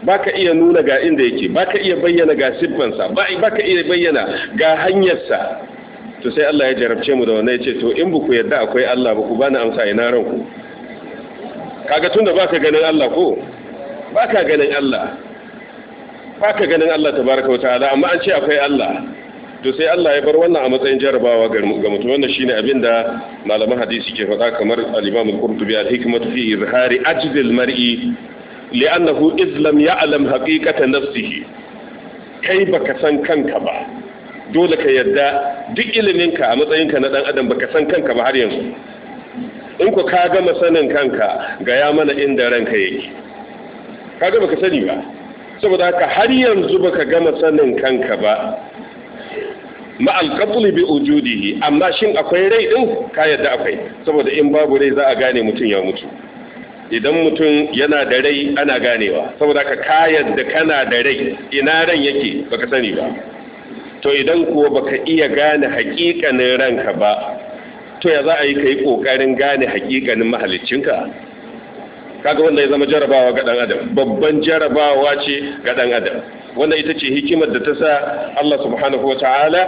ba ka iya nuna ga inda yake Ba ka iya bayyana ga siffansa ka iya bayyana ga hanyarsa to sai Allah ya jarabce mu da wannan ya ce to in buku yadda akwai Allah ba ku bani amsa ina ku kaga tunda baka ganin Allah ko baka ganin Allah ka ganin Allah tabaraka wa ta'ala amma an ce akwai Allah to sai Allah ya bar wannan a matsayin jarabawa ga mutum wannan shine abin da malaman hadisi ke faɗa kamar al-Imam al-Qurtubi al hikmat fi izhari ajdil mar'i li'annahu idh lam ya'lam haqiqata nafsihi kai baka san kanka ba dole ka yadda duk iliminka a matsayinka na dan adam baka san kanka ba har yanzu in ku ka gama sanin kanka ga ya mana inda ranka yake gama ka sani ba saboda haka har yanzu baka gama sanin kanka ba ma alqabli bi ujudihi amma shin akwai rai din ka yadda akwai saboda in babu rai za a gane mutum ya mutu idan mutum yana da rai ana ganewa saboda ka ka yadda kana da rai ina ran yake baka sani ba to idan kuwa baka iya gane hakikanin ranka ba to ya za a yi ka yi ƙoƙarin gane hakikanin mahalicinka kaga wanda ya zama jarabawa ga ɗan adam babban jarabawa ce ga ɗan adam wanda ita ce hikimar da ta sa Allah subhanahu wa ta'ala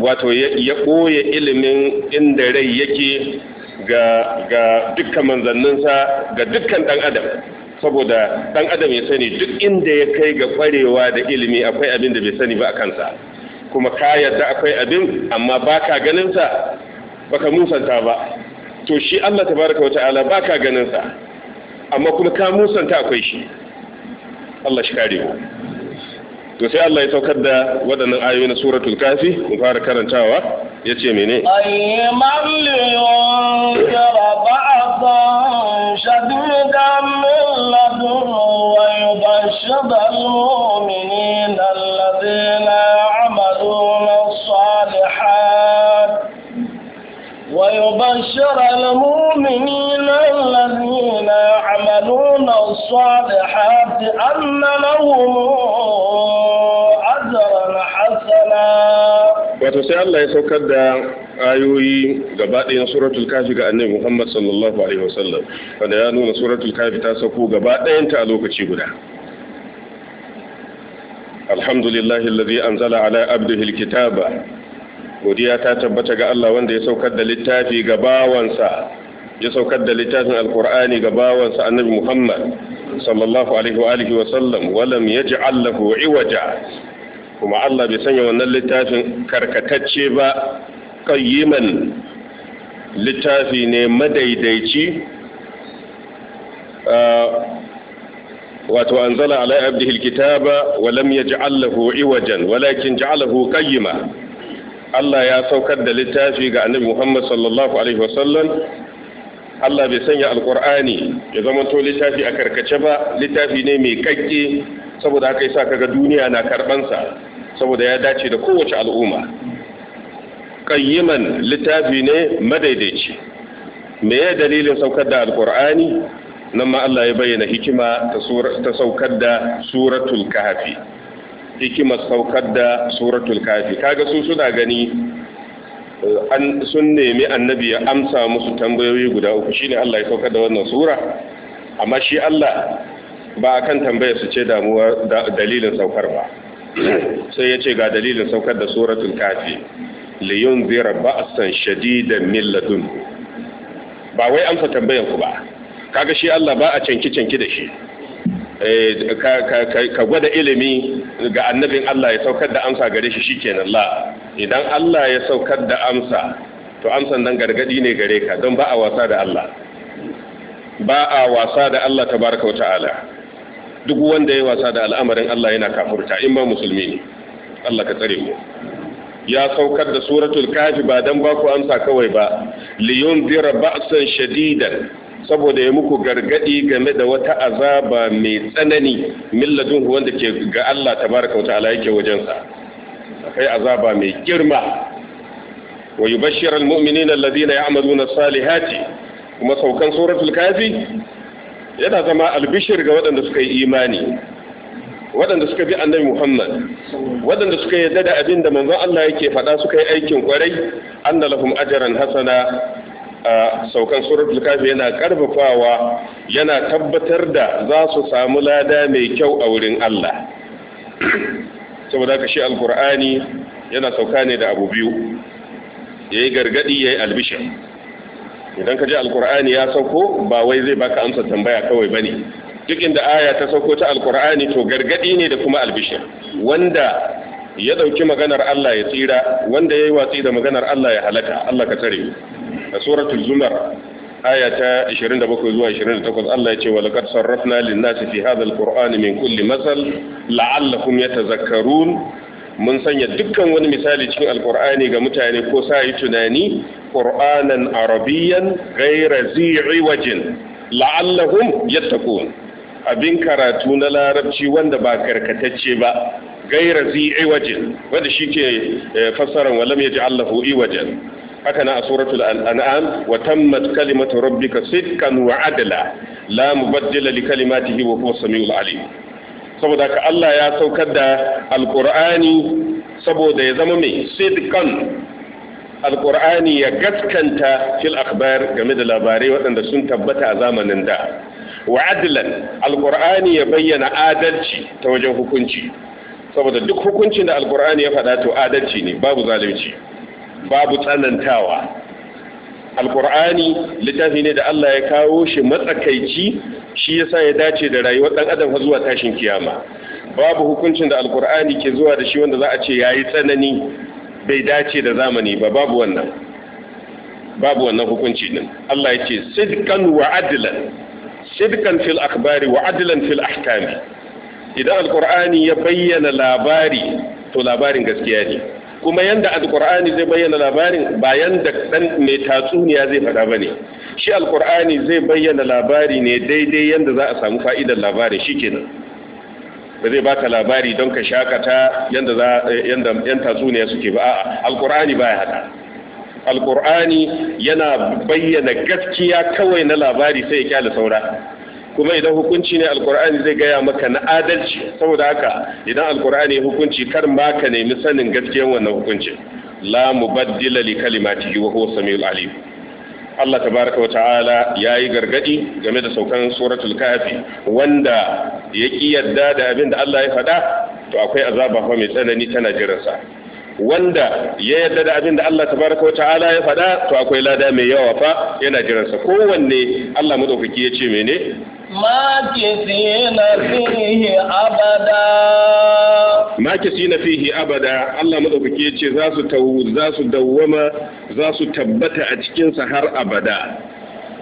wato ya ɓoye ilimin inda rai yake ga dukkan manzanninsa ga dukkan ɗan adam saboda ɗan adam ya sani duk inda ya kai ga ƙwarewa da ilimi akwai abin da bai sani ba a kansa kuma ka yadda akwai abin amma baka ganin sa baka musanta ba to shi Allah tabaraka wa ta'ala baka ganin sa amma kuma ka musanta akwai shi Allah shi kare to sai Allah ya saukar da waɗannan ayoyi na suratul kafi mu fara karantawa ya ce mene ayyaman liyun jara ba'adhan shadudan min ladun wa yubashshada al na alladhina معشر المؤمنين الذين يعملون الصالحات أن لهم أجرا حسنا وتسأل الله يسكت آيوي قبائل سورة الكهف كأن محمد صلى الله عليه وسلم فنيانون سورة الكهف تاسكو قبائل انت ألوك تشيبنا الحمد لله الذي أنزل على أبده الكتاب godiya ta tabbata ga Allah wanda ya saukar da littafi ga bawansa ya saukar da littafin alkur'ani ga bawansa annabi Muhammad sallallahu alaihi wa alihi wa sallam walam yaj'al lahu iwaja kuma Allah bai sanya wannan littafin karkatacce ba qayyiman littafi ne madaidaici wato anzala ala abdihi alkitaba walam yaj'al lahu iwajan walakin ja'alahu qayyima Allah ya saukar da littafi ga annabi Muhammad sallallahu alaihi wasallam Allah bai sanya alkur'ani ya zama to littafi a karkace ba littafi ne mai kakke saboda haka yasa kaga duniya na karbansa saboda ya dace da kowace al'umma qayyiman littafi ne madaidaici me ya dalilin saukar da alkur'ani nan ma Allah ya bayyana hikima ta saukar da suratul kahfi hikimar saukar da suratul kafi kaga su suna gani eh, sun nemi annabi ya amsa musu tambayoyi guda uku shine Allah ya saukar da wannan sura amma shi Allah ba akan tambayar su ce damuwa dalilin saukar ba sai ya ce ga dalilin saukar da suratul kafi li yunzira ba'san shadidan min ladun ba wai amsa tambayar ku ba kaga shi Allah ba a canki canki da shi Eh, ka gwada ilimi ga annabin Allah ya saukar da amsa gare shi shikenan la idan Allah ya saukar da amsa to amsan nan gargadi ne gare ka don ba a wasa da Allah ba a wasa da Allah tabaraka wa ta'ala duk wanda ya wasa da al'amarin Allah yana kafurta in ba musulmi ne Allah ka tsare mu ya saukar da suratul kafi ba dan ba ku amsa kawai ba liyun bira ba'san shadidan saboda ya muku gargadi game da wata azaba mai tsanani milladun wanda ke ga Allah tabaraka wa ta'ala yake wajensa akwai azaba mai girma wa yubashshir almu'minina alladhina ya'maluna salihati kuma saukan suratul kafi yana zama albishir ga waɗanda suka yi imani waɗanda suka bi annabi Muhammad waɗanda suka yarda da abin da manzon Allah yake faɗa suka yi aikin kwarai anna lahum ajran hasana a saukan suratul kafi yana karfafawa yana tabbatar da za su samu lada mai kyau a wurin Allah saboda ka shi alkur'ani yana sauka ne da abu biyu yayi gargadi yayi albishir idan ka ji alkur'ani ya sauko ba wai zai baka amsa tambaya kawai ba ne. duk inda aya ta sauko ta alkur'ani to gargaɗi ne da kuma albishir wanda ya ɗauki maganar Allah ya tsira wanda ya yi watsi da maganar Allah ya halaka Allah ka tare a suratul zumar aya ta 27 zuwa 28 Allah ya ce wa laqad sarrafna lin-nasi fi hadha al-qur'ani min kulli masal yatazakkarun mun sanya dukkan wani misali cikin alqur'ani ga mutane ko sa yi tunani qur'anan arabiyyan ghayra zi'i wajin la'allahum yattaqun abin karatu na larabci wanda ba karkatacce ba gaira zi iwajin wanda shi ke eh, fassarar walam ya ji allahu haka na a suratul an'am wa tammat kalimatu rabbika sidqan wa adla la mubaddila li kalimatihi wa huwa samiul alim saboda ka Allah ya saukar da alqur'ani saboda ya zama mai sidqan alqur'ani ya gaskanta fil akhbar game da labarai waɗanda sun tabbata a zamanin da wa adlan alqur'ani ya bayyana adalci ta wajen hukunci saboda duk hukuncin da alqur'ani ya faɗa to adalci ne babu zalunci babu tsanantawa alkur'ani littafi ne da Allah ya kawo shi matsakaici shi yasa ya dace da rayuwar dan adam zuwa tashin kiyama babu hukuncin da alkur'ani ke zuwa da shi wanda za a ce yayi tsanani bai dace da zamani ba babu wannan babu wannan hukunci din Allah ya ce sidqan wa adlan sidqan fil akhbari wa adlan fil ahkami idan alkur'ani ya bayyana labari to labarin gaskiya ne kuma yanda alqur'ani zai bayyana labarin ba yanda dan mai tatsuniya zai faɗa ba ne. shi alqur'ani zai bayyana labari ne daidai yanda za a samu fa'idar labari shikenan ba zai baka labari don ka shakata yanda za yanda yan tatsuniya suke ba a'a alqur'ani baya haka alqur'ani yana bayyana gaskiya kawai na labari sai ya kyale saura kuma idan hukunci ne alkur'ani zai gaya maka na adalci saboda haka idan alkur'ani ya hukunci kar ma ka nemi sanin gaskiyar wannan hukuncin la mubaddila li kalimatihi wa huwa samiul alim Allah tabaraka wa ta'ala yayi gargadi game da saukan suratul kafi wanda ya ki da abin da Allah ya faɗa to akwai azaba fa mai tsanani tana jiransa wanda ya yarda da abin da Allah tabaraka wa ta'ala ya faɗa to akwai lada mai yawa fa yana jiransa kowanne Allah madaukaki ya ce mene makisina fihi abada fi fihi abada Allah madaukake ce za su tawu za su dawwama za su tabbata a cikinsa har abada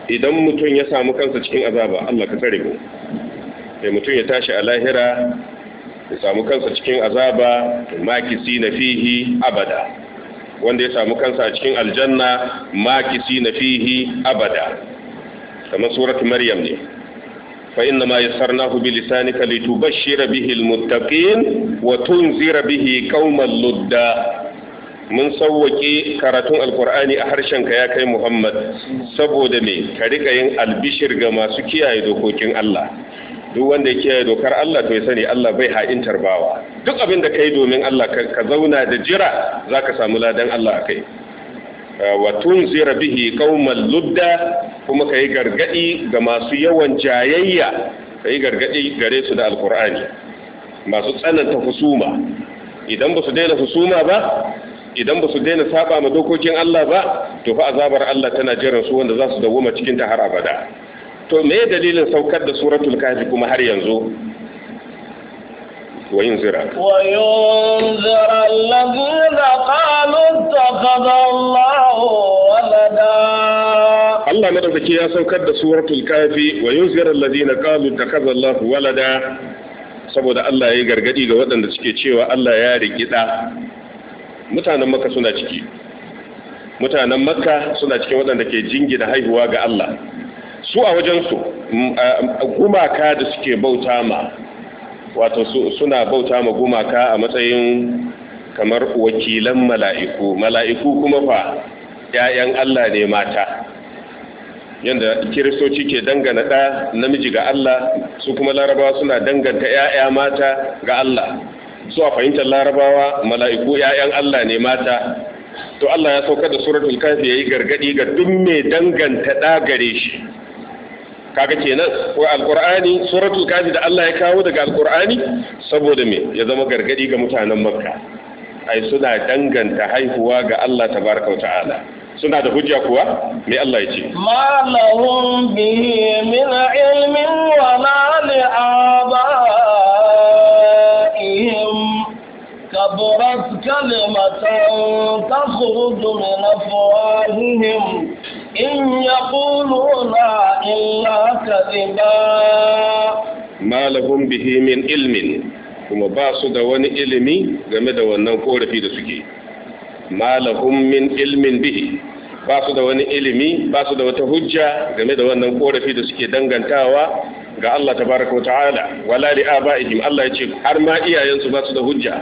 idan mutum ya samu kansa cikin azaba Allah ka tsare mu sai mutum ya tashi a lahira ya samu kansa cikin azaba fi fihi abada wanda ya samu kansa a cikin aljanna fi fihi abada kamar suratul maryam ne fa inna ma yassarnahu bi lisanika litubashshira bihi almuttaqin wa tunzira bihi qauman ludda mun sauwaƙe karatun alkur'ani a harshenka ya kai muhammad saboda me ka riƙa yin albishir ga masu kiyaye dokokin allah duk wanda ya kiyaye dokar allah to ya sani allah bai ha'intar bawa duk abinda da ka yi domin allah ka zauna da jira za ka samu ladan allah a kai Ah, wa tunzira bihi qauman ludda kuma kai gargadi ga masu yawan jayayya kai gargadi gare su da alqur'ani masu tsananta husuma idan ba su daina husuma ba idan ba su daina saba ma dokokin Allah ba to fa azabar Allah tana jiran su wanda za su dawoma cikin ta har abada to me dalilin saukar da suratul kahfi kuma har yanzu وينذر وينذر الذين قالوا اتخذ الله ولدا Allah madaukaki ya saukar da suratul kafi wa yunzira allazina qalu takaza Allahu walada saboda Allah ya gargadi ga waɗanda suke cewa Allah ya rigida mutanen Makka suna ciki mutanen Makka suna cikin waɗanda ke jingina haihuwa ga Allah su a wajen su gumaka da suke bauta ma wato suna bauta ma gumaka a matsayin kamar wakilan mala'iku mala'iku kuma fa ‘ya'yan Allah ne mata yadda kiristoci ke dangana ɗa namiji ga Allah su kuma larabawa suna danganta ‘ya'ya mata ga Allah su a fahimtar larabawa mala'iku ‘ya'yan Allah ne mata to Allah ya sauka da suratul kafi ya yi gargaɗi ga duk mai danganta ɗa gare shi kaga kenan wa alqur'ani suratul kafi da Allah ya kawo daga alqur'ani saboda me ya zama gargadi ga mutanen makka ai suna danganta haihuwa ga Allah tabaraka wa ta'ala suna da hujja kuwa me Allah ya ce ma lahum bihi min ilmin wa la abaihim kalimatan takhruju min afwahihim إن يقولون إلا كذبا ما لهم به من علم kuma ba su da wani ilimi game da wannan korafi da suke malahum min ilmin bihi ba su da wani ilimi ba su da wata hujja game da wannan korafi da suke dangantawa ga Allah tabaraka wa ta'ala wala li abaihim Allah ya ce har ma iyayensu ba su da hujja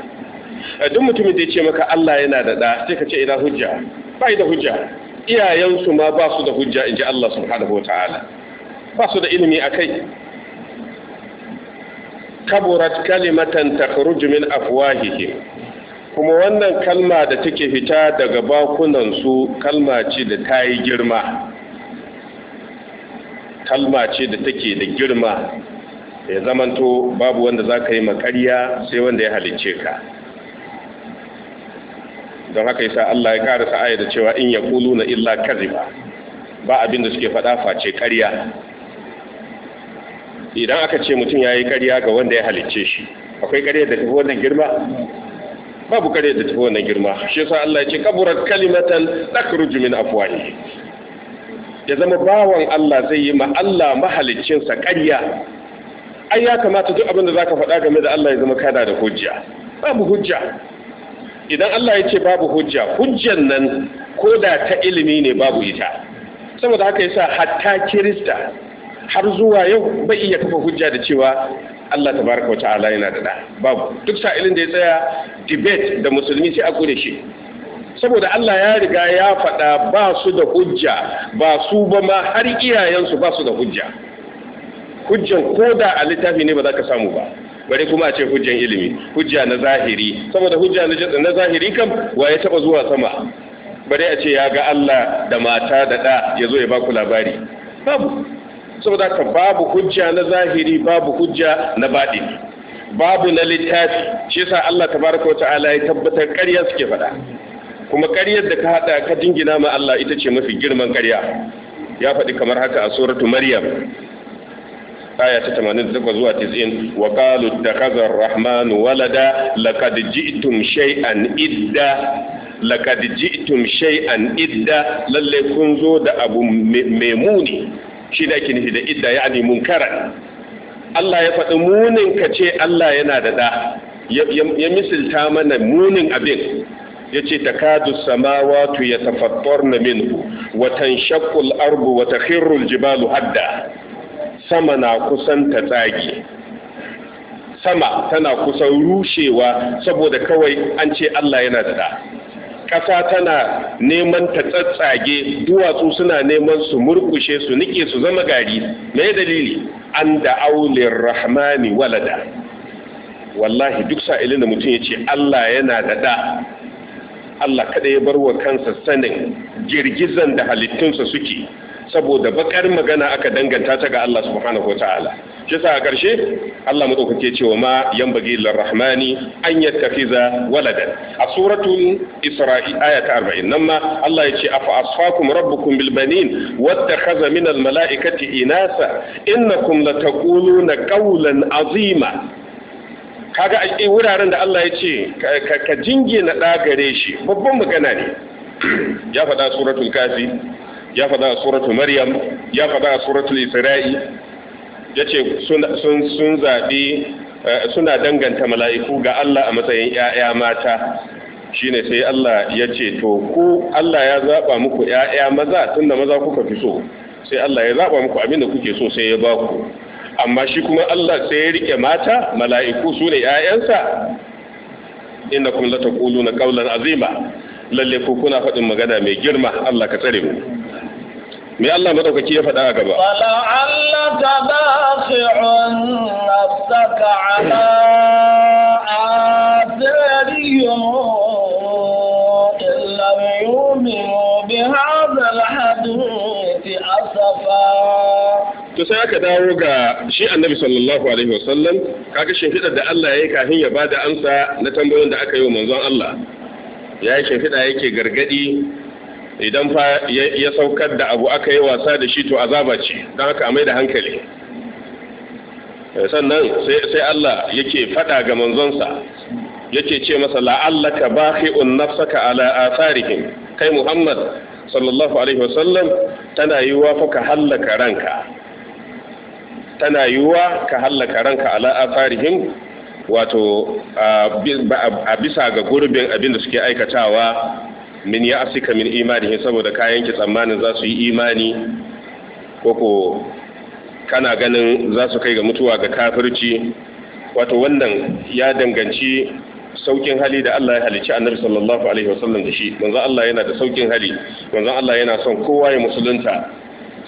duk mutumin da ya ce maka Allah yana da da sai ka ce ina hujja bai da hujja iyayensu ma ba su da hujja in ji Allah subhanahu wa ta'ala ba su da ilimi a kai kaburat kalimatan takaru min afwahihim kuma wannan kalma da take fita daga bakunansu kalma ce da ta yi girma kalma ce da take da girma ya zamanto babu wanda za ka yi makariya sai wanda ya halicce ka don haka yasa Allah ya karasa aya da cewa in yaquluna illa kadhiba ba abin da suke faɗa face ƙarya idan aka ce mutum yayi ƙarya ga wanda ya halicce shi akwai ƙarya da tafi wannan girma babu ƙarya da tafi wannan girma shi yasa Allah ya ce kaburat kalimatan takruju min afwahi ya zama bawan Allah zai yi ma Allah mahaliccin sa ƙarya ai ya kamata duk abin da zaka faɗa game da Allah ya zama kada da hujja babu hujja idan Allah ya ce babu hujja hujjan nan ko da ta ilimi ne babu ita saboda haka yasa hatta kirista har zuwa yau bai iya kafa hujja da cewa Allah tabaraka wa ta'ala yana da babu duk sa'ilin da ya tsaya debate da musulmi sai a kure shi saboda Allah ya riga ya faɗa ba su da hujja ba su ba ma har iyayensu ba su da hujja hujjan ko da a littafi ne ba za ka samu ba bari kuma a ce hujjan ilimi hujja na zahiri saboda hujja na zahiri kam wa ya taba zuwa sama bari a ce ya ga Allah da mata da da ya zo ya baku labari babu saboda ka babu hujja na zahiri babu hujja na baɗi babu na littafi shi yasa Allah tabaraka ta'ala ya tabbatar ƙarya suke faɗa kuma ƙaryar da ka haɗa ka dingina ma Allah ita ce mafi girman ƙarya ya faɗi kamar haka a suratu Maryam aya ta 88 zuwa 90 wa qalu ittakhadha ar-rahman walada laqad ji'tum shay'an idda laqad ji'tum shay'an idda lalle kun zo da abu mai muni shi da ke nufi da idda yani munkaran Allah ya faɗi munin ka ce Allah yana da da ya misilta mana munin abin ya ce ta kadu samawatu ya tafattar na minhu watan shakul arbu wata khirrul jibalu hadda sama na kusan ta tsage sama tana kusan rushewa saboda kawai an ce Allah yana da da ƙasa tana neman ta tsatsage duwatsu suna neman su murkushe su nike su zama gari me dalili an da aulin rahmani walada wallahi duk sa'ilin da mutum ya ce Allah yana da da Allah kada ya bar wa kansa sanin girgizan da halittunsa suke saboda bakar magana aka danganta ta ga Allah subhanahu wataala shi sa a ƙarshe Allah madaukake cewa ma yan bagi rahmani an yattakiza waladan a suratul isra'i aya ta 40 nan ma Allah ya ce afa asfakum rabbukum bil banin wattakhadha min al mala'ikati inasa innakum lataquluna qawlan azima kaga a wuraren da Allah ya ce ka jingina ɗagare gare shi babban magana ne ya faɗa suratul kafi ya faɗa a suratu maryam ya faɗa a suratu isra'i ya ce sun zaɓi, eh, suna danganta mala'iku ga Allah a matsayin ‘ya'ya mata shine sai Allah ya ce to ku Allah ya zaɓa muku ‘ya'ya maza tunda maza kuka fi so sai Allah ya zaɓa muku abin da kuke so sai ya ba ku amma shi kuma Allah sai ya riƙe mata mala'iku su ne ‘ya'yansa inda kuma lata na ƙaunar azima lalle ku kuna faɗin magana mai girma Allah ka tsare mu me Allah madaukaki ya faɗa a gaba to sai aka dawo ga shi annabi sallallahu alaihi wasallam kaga shimfiɗar da Allah ya yi kafin ya bada amsa na tambayoyin da aka yi wa manzon Allah ya yi shimfiɗa yake gargadi idan fa ya saukar da abu aka yi wasa da shi to azaba ce don haka a mai da hankali sannan sai Allah yake fada ga manzonsa yake ce masa la'allaka bakhi'un nafsaka ala atharihim kai Muhammad sallallahu alaihi wasallam tana yiwa fa ka hallaka ranka tana yiwa ka hallaka ranka ala atharihim wato a bisa ga gurbin abin da suke aikatawa min ya asika min hin saboda kayan ki tsammanin za su yi imani koko kana ganin za su kai ga mutuwa ga kafirci wato wannan ya danganci saukin hali da Allah ya halicci annabi sallallahu alaihi wasallam da shi manzo Allah yana da saukin hali manzo Allah yana son kowa ya musulunta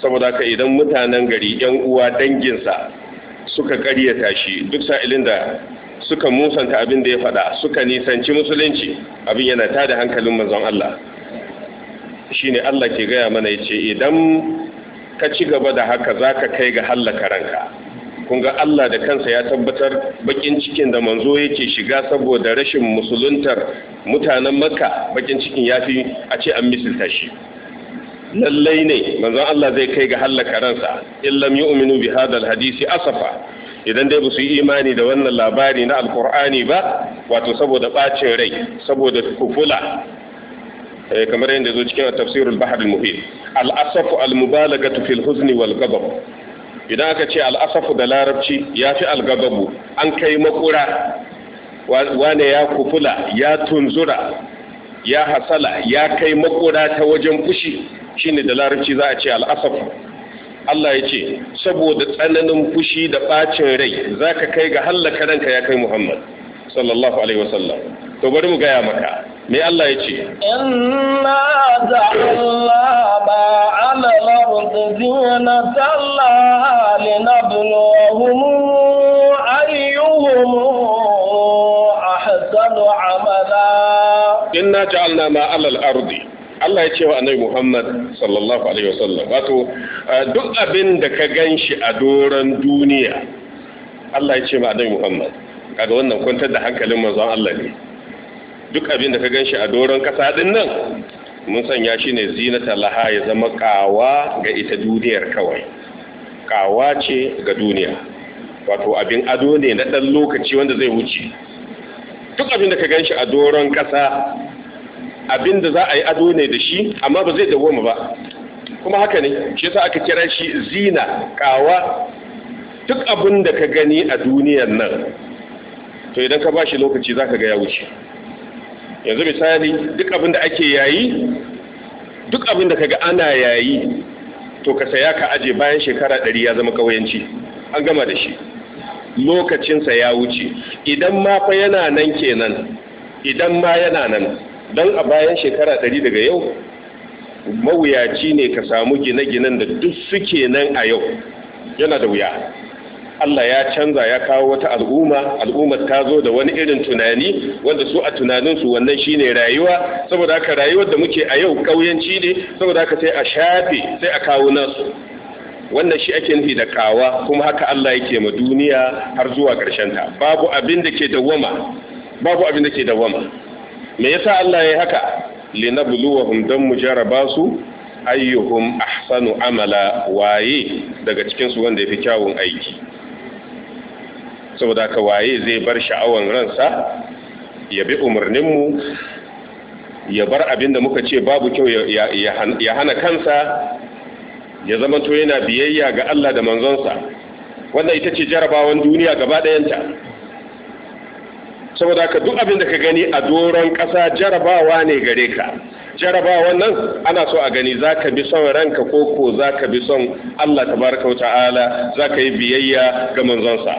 saboda ka idan mutanen gari yan uwa danginsa suka karyata shi duk sa'ilin da suka musanta abin da ya faɗa suka nisanci musulunci abin yana tada hankalin manzon Allah Shi ne Allah ke gaya mana ya ce idan ka ci gaba da haka za ka kai ga hallaka ranka kun ga Allah da kansa ya tabbatar bakin cikin da manzo yake shiga saboda rashin musuluntar mutanen Makka bakin cikin ya fi a ce an misilta shi lallai ne manzon Allah zai kai ga hallaka ransa illam yu'minu bi hadal hadisi asafa idan dai ba su yi imani da wannan labari na alkur'ani ba wato saboda bacin rai saboda kufula eh, kamar yadda zo cikin tafsirul bahar al al'asafu al-asafu al fil huzni wal idan aka ce al'asafu da larabci ya fi algababu an kai makura wane ya kufula ya tunzura ya hasala ya kai makura ta wajen fushi shine da larabci za a ce al Allah ya ce saboda tsananin fushi da bacin rai za ka kai ga hallaka ranka ya kai Muhammad sallallahu alaihi wasallam to bari mu gaya maka me Allah ya ce inna ja'alna ala al-ard zinatan linabluwahum ahsanu amala inna ja'alna ma ala ardi Allah ya ce wa annabi Muhammad sallallahu alaihi wasallam wato duk abin da ka gan shi a doron duniya Allah ya ce ma annabi Muhammad kaga wannan kwantar da hankalin manzon Allah ne duk abin da ka gan shi a doron kasa din nan mun sanya shi ne zinata laha ya zama kawa ga ita duniyar kawai kawa ce ga duniya wato abin ado ne na dan lokaci wanda zai wuce duk abin da ka gan shi a doron kasa abin da za a yi ado ne da shi amma ba zai dawoma ba kuma haka ne shi yasa aka kira shi zina kawa duk abin da ka gani a duniyar nan to idan ka bashi lokaci zaka ga ya wuce yanzu misali duk abin da ake yayi duk abin da kaga ana yayi to ka saya ka aje bayan shekara ɗari ya zama ƙauyenci an gama da shi lokacinsa ya wuce idan ma fa yana nan kenan idan ma yana nan don a bayan shekara ɗari daga yau mawuyaci ne ka samu gine-ginen da duk suke nan a yau yana da wuya Allah ya canza ya kawo wata al'umma al'ummar ta zo da wani irin tunani wanda su a tunaninsu wannan shine rayuwa saboda haka rayuwar da muke a yau ƙauyenci ne saboda haka sai a shafe sai a kawo nasu wannan shi ake nufi da kawa kuma haka Allah yake ma duniya har zuwa ƙarshen ta babu abin da ke dawwama babu abin da ke dawwama me yasa Allah ya yi haka linabluwahum dan mu jaraba su ayyuhum ahsanu amala waye daga cikin su wanda yafi kyawun aiki saboda ka waye zai bar sha'awan ransa ya bi umarnin mu ya bar abin da muka ce babu kyau ya hana kansa ya zamanto yana biyayya ga Allah da manzonsa wannan ita ce jarabawan duniya gaba ta. saboda ka duk abin da ka gani a doron ƙasa jarabawa ne gare ka Jarabawa nan ana so a gani za ka bi son ranka ko ko za ka bi son Allah ta tabaraka ta'ala za ka yi biyayya ga manzonsa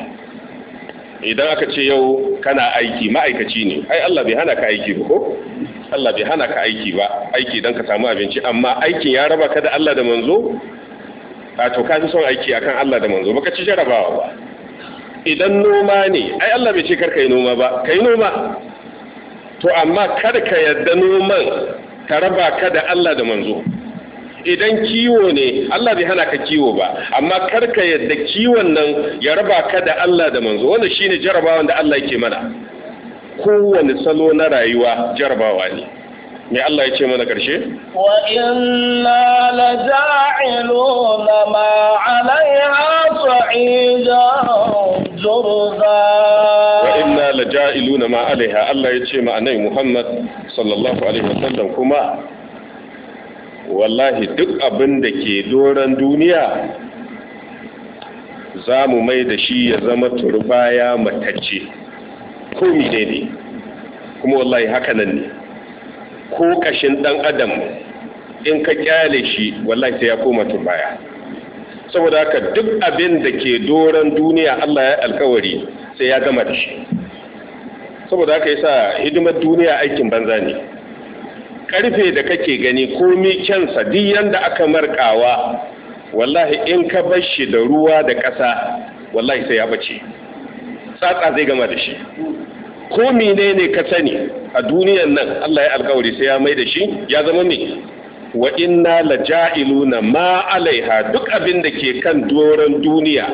idan aka ce yau kana aiki ma'aikaci ne ai Allah bai hana ka aiki ba ko Allah bai hana ka aiki ba aiki dan ka samu abinci amma aikin ya raba ka da Allah da manzo a to ka fi son aiki akan Allah da manzo baka ci jarabawa ba idan noma ne ai Allah bai ce kar ka yi noma ba ka noma to amma kar ka yarda noman ka raba ka da Allah da manzo idan kiwo ne Allah bai hana ka kiwo ba amma kar ka yarda kiwon nan ya raba ka da Allah da manzo wanda shine jarabawan da Allah yake mana kowane salo na rayuwa jarabawa ne me Allah ya ce mana karshe wa inna la ja'iluna ma 'alayha sa'idan zurza wa inna la ja'iluna ma 'alayha Allah ya ce ma annabi Muhammad sallallahu alaihi wasallam kuma wallahi duk abin da ke doran duniya za mu mai da shi ya zama turbaya matacce komi daidai kuma wallahi haka nan ne ko kashin ɗan adam in ka kyale shi wallahi sai ya koma tun baya. saboda haka duk abin da ke doron duniya Allah ya alkawari sai ya gama da shi saboda haka yasa hidimar duniya aikin banza ne karfe da kake gani komi kyansa duk yanda aka markawa wallahi in ka bar shi da ruwa da ƙasa wallahi sai ya bace tsatsa zai gama da shi ko menene ka sani a duniyan nan Allah ya alkawari sai ya mai da shi ya zama me wa inna laja'iluna ma alaiha duk abin da ke kan doron duniya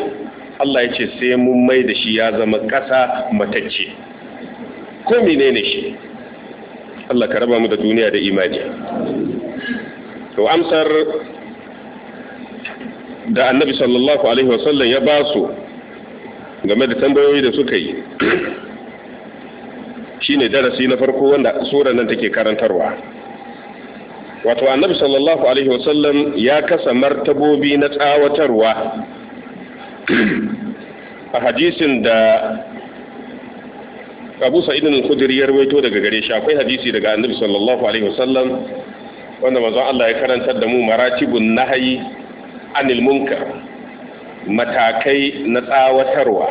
Allah ya ce sai mun mai da shi ya zama ƙasa matacce ko menene shi Allah ka raba mu da duniya da imani to amsar da annabi sallallahu alaihi wasallam ya ba su game da tambayoyi da suka yi shine darasi na farko wanda sura nan take karantarwa wato annabi sallallahu alaihi wasallam ya kasa martabobi na tsawatarwa a hadisin da abu sa'idin al-khudri ya rawaito daga gare shi akwai hadisi daga annabi sallallahu alaihi wasallam wanda manzon Allah ya karantar da mu maratibun nahyi anil munkar matakai na tsawatarwa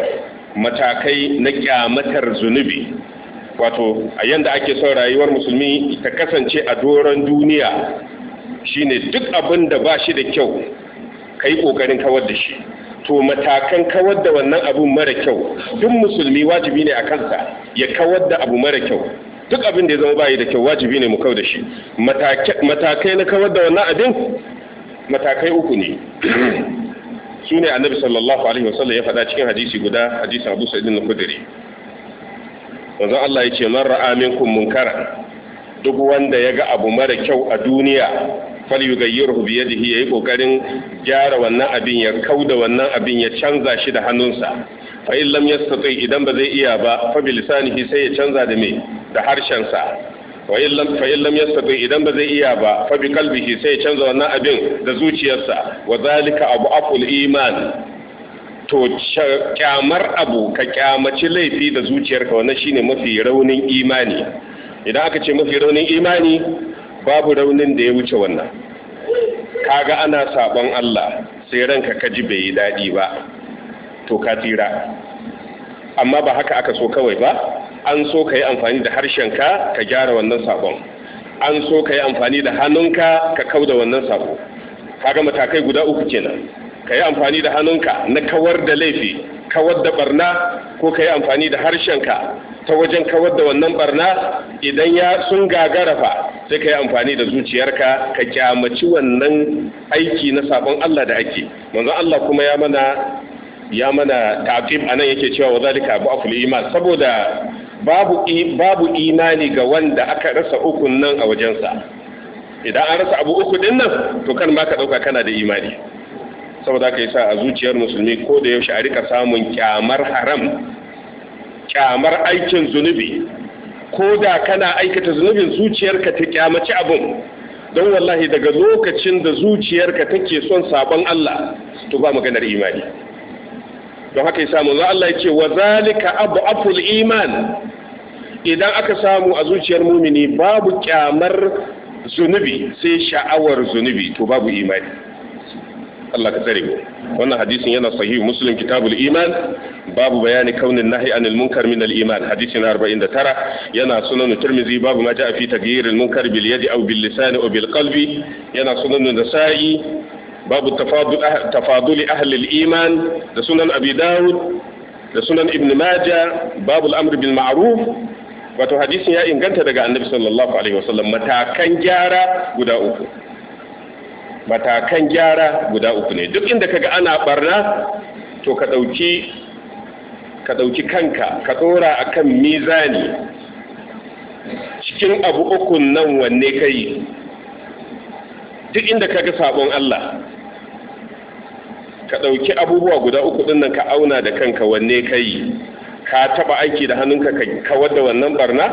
matakai na kyamatar zunubi wato a yanda ake son rayuwar musulmi ta kasance a doron duniya shine duk abin da ba shi da kyau ka yi ƙoƙarin kawar da shi to matakan kawar da wannan abu mara kyau duk musulmi wajibi ne a kansa ya kawar da abu mara kyau duk abin da ya zama bayi da kyau wajibi ne mu kawar da shi matakai na kawar da wannan abin matakai uku ne su ne annabi sallallahu alaihi wasallam ya faɗa cikin hadisi guda hadisin abu sa'id al-khudri manzon Allah ya ce man ra'a minkum munkara duk wanda ya ga abu mara kyau a duniya fal yughayyirhu bi yadihi yayi kokarin gyara wannan abin ya kauda wannan abin ya canza shi da hannunsa fa in lam yastati idan ba zai iya ba fa bi lisanihi sai ya canza da me da harshensa fa in lam fa in lam yastati idan ba zai iya ba fa bi qalbihi sai ya canza wannan abin da zuciyarsa wa zalika abu aful iman to kyamar abu ka kyamaci laifi da zuciyarka wannan shine mafi raunin imani idan aka ce mafi raunin imani babu raunin da ya wuce wannan kaga ana sabon Allah sai ranka ka ji bai yi daɗi ba to ka tsira amma ba haka aka so kawai ba an so ka yi amfani da harshenka ka gyara wannan sabon an so ka yi amfani da hannunka ka kauda wannan sabo kaga matakai guda uku kenan ka yi amfani da hannunka na kawar da laifi kawar da barna ko ka yi amfani da harshenka ta wajen kawar da wannan barna idan ya sun gagarafa sai ka yi amfani da zuciyarka ka kyamaci wannan aiki na sabon Allah da ake manzon Allah kuma ya mana ya mana taqib anan yake cewa wa zalika abu iman saboda babu babu imani ga wanda aka rasa uku nan a wajensa idan an rasa abu uku din to kan ma ka dauka kana da imani saboda ka yasa a zuciyar musulmi ko da yaushe a rika samun kyamar haram kyamar aikin zunubi ko da kana aikata zunubin zuciyarka ta kyamaci abin don wallahi daga lokacin da zuciyarka take son sabon Allah to ba maganar imani don haka yasa manzo Allah yake wa zalika abu aful iman idan aka samu a zuciyar mumini babu kyamar zunubi sai sha'awar zunubi to babu imani Allah ka tsare mu wannan hadisin yana sahih muslim kitabul iman babu bayani kaunin nahi anil munkar min al iman hadisi na 49 yana sunan tirmizi babu ma ja'a fi taghyir al munkar bil yadi aw bil lisan aw bil qalbi yana sunan nasa'i babu tafadul ahli al iman da sunan abi daud da sunan ibn majah babu al amr bil ma'ruf wato hadisin ya inganta daga annabi sallallahu alaihi wasallam matakan gyara guda uku matakan gyara guda uku ne duk inda kaga ana barna to ka ɗauki ka dauki kanka ka tsora a kan mizani cikin abu uku nan wanne ka yi duk inda kaga sabon Allah ka ɗauki abubuwa guda uku ɗin nan ka auna da kanka wanne ka yi ka taɓa aiki da hannunka ka kawar da wannan barna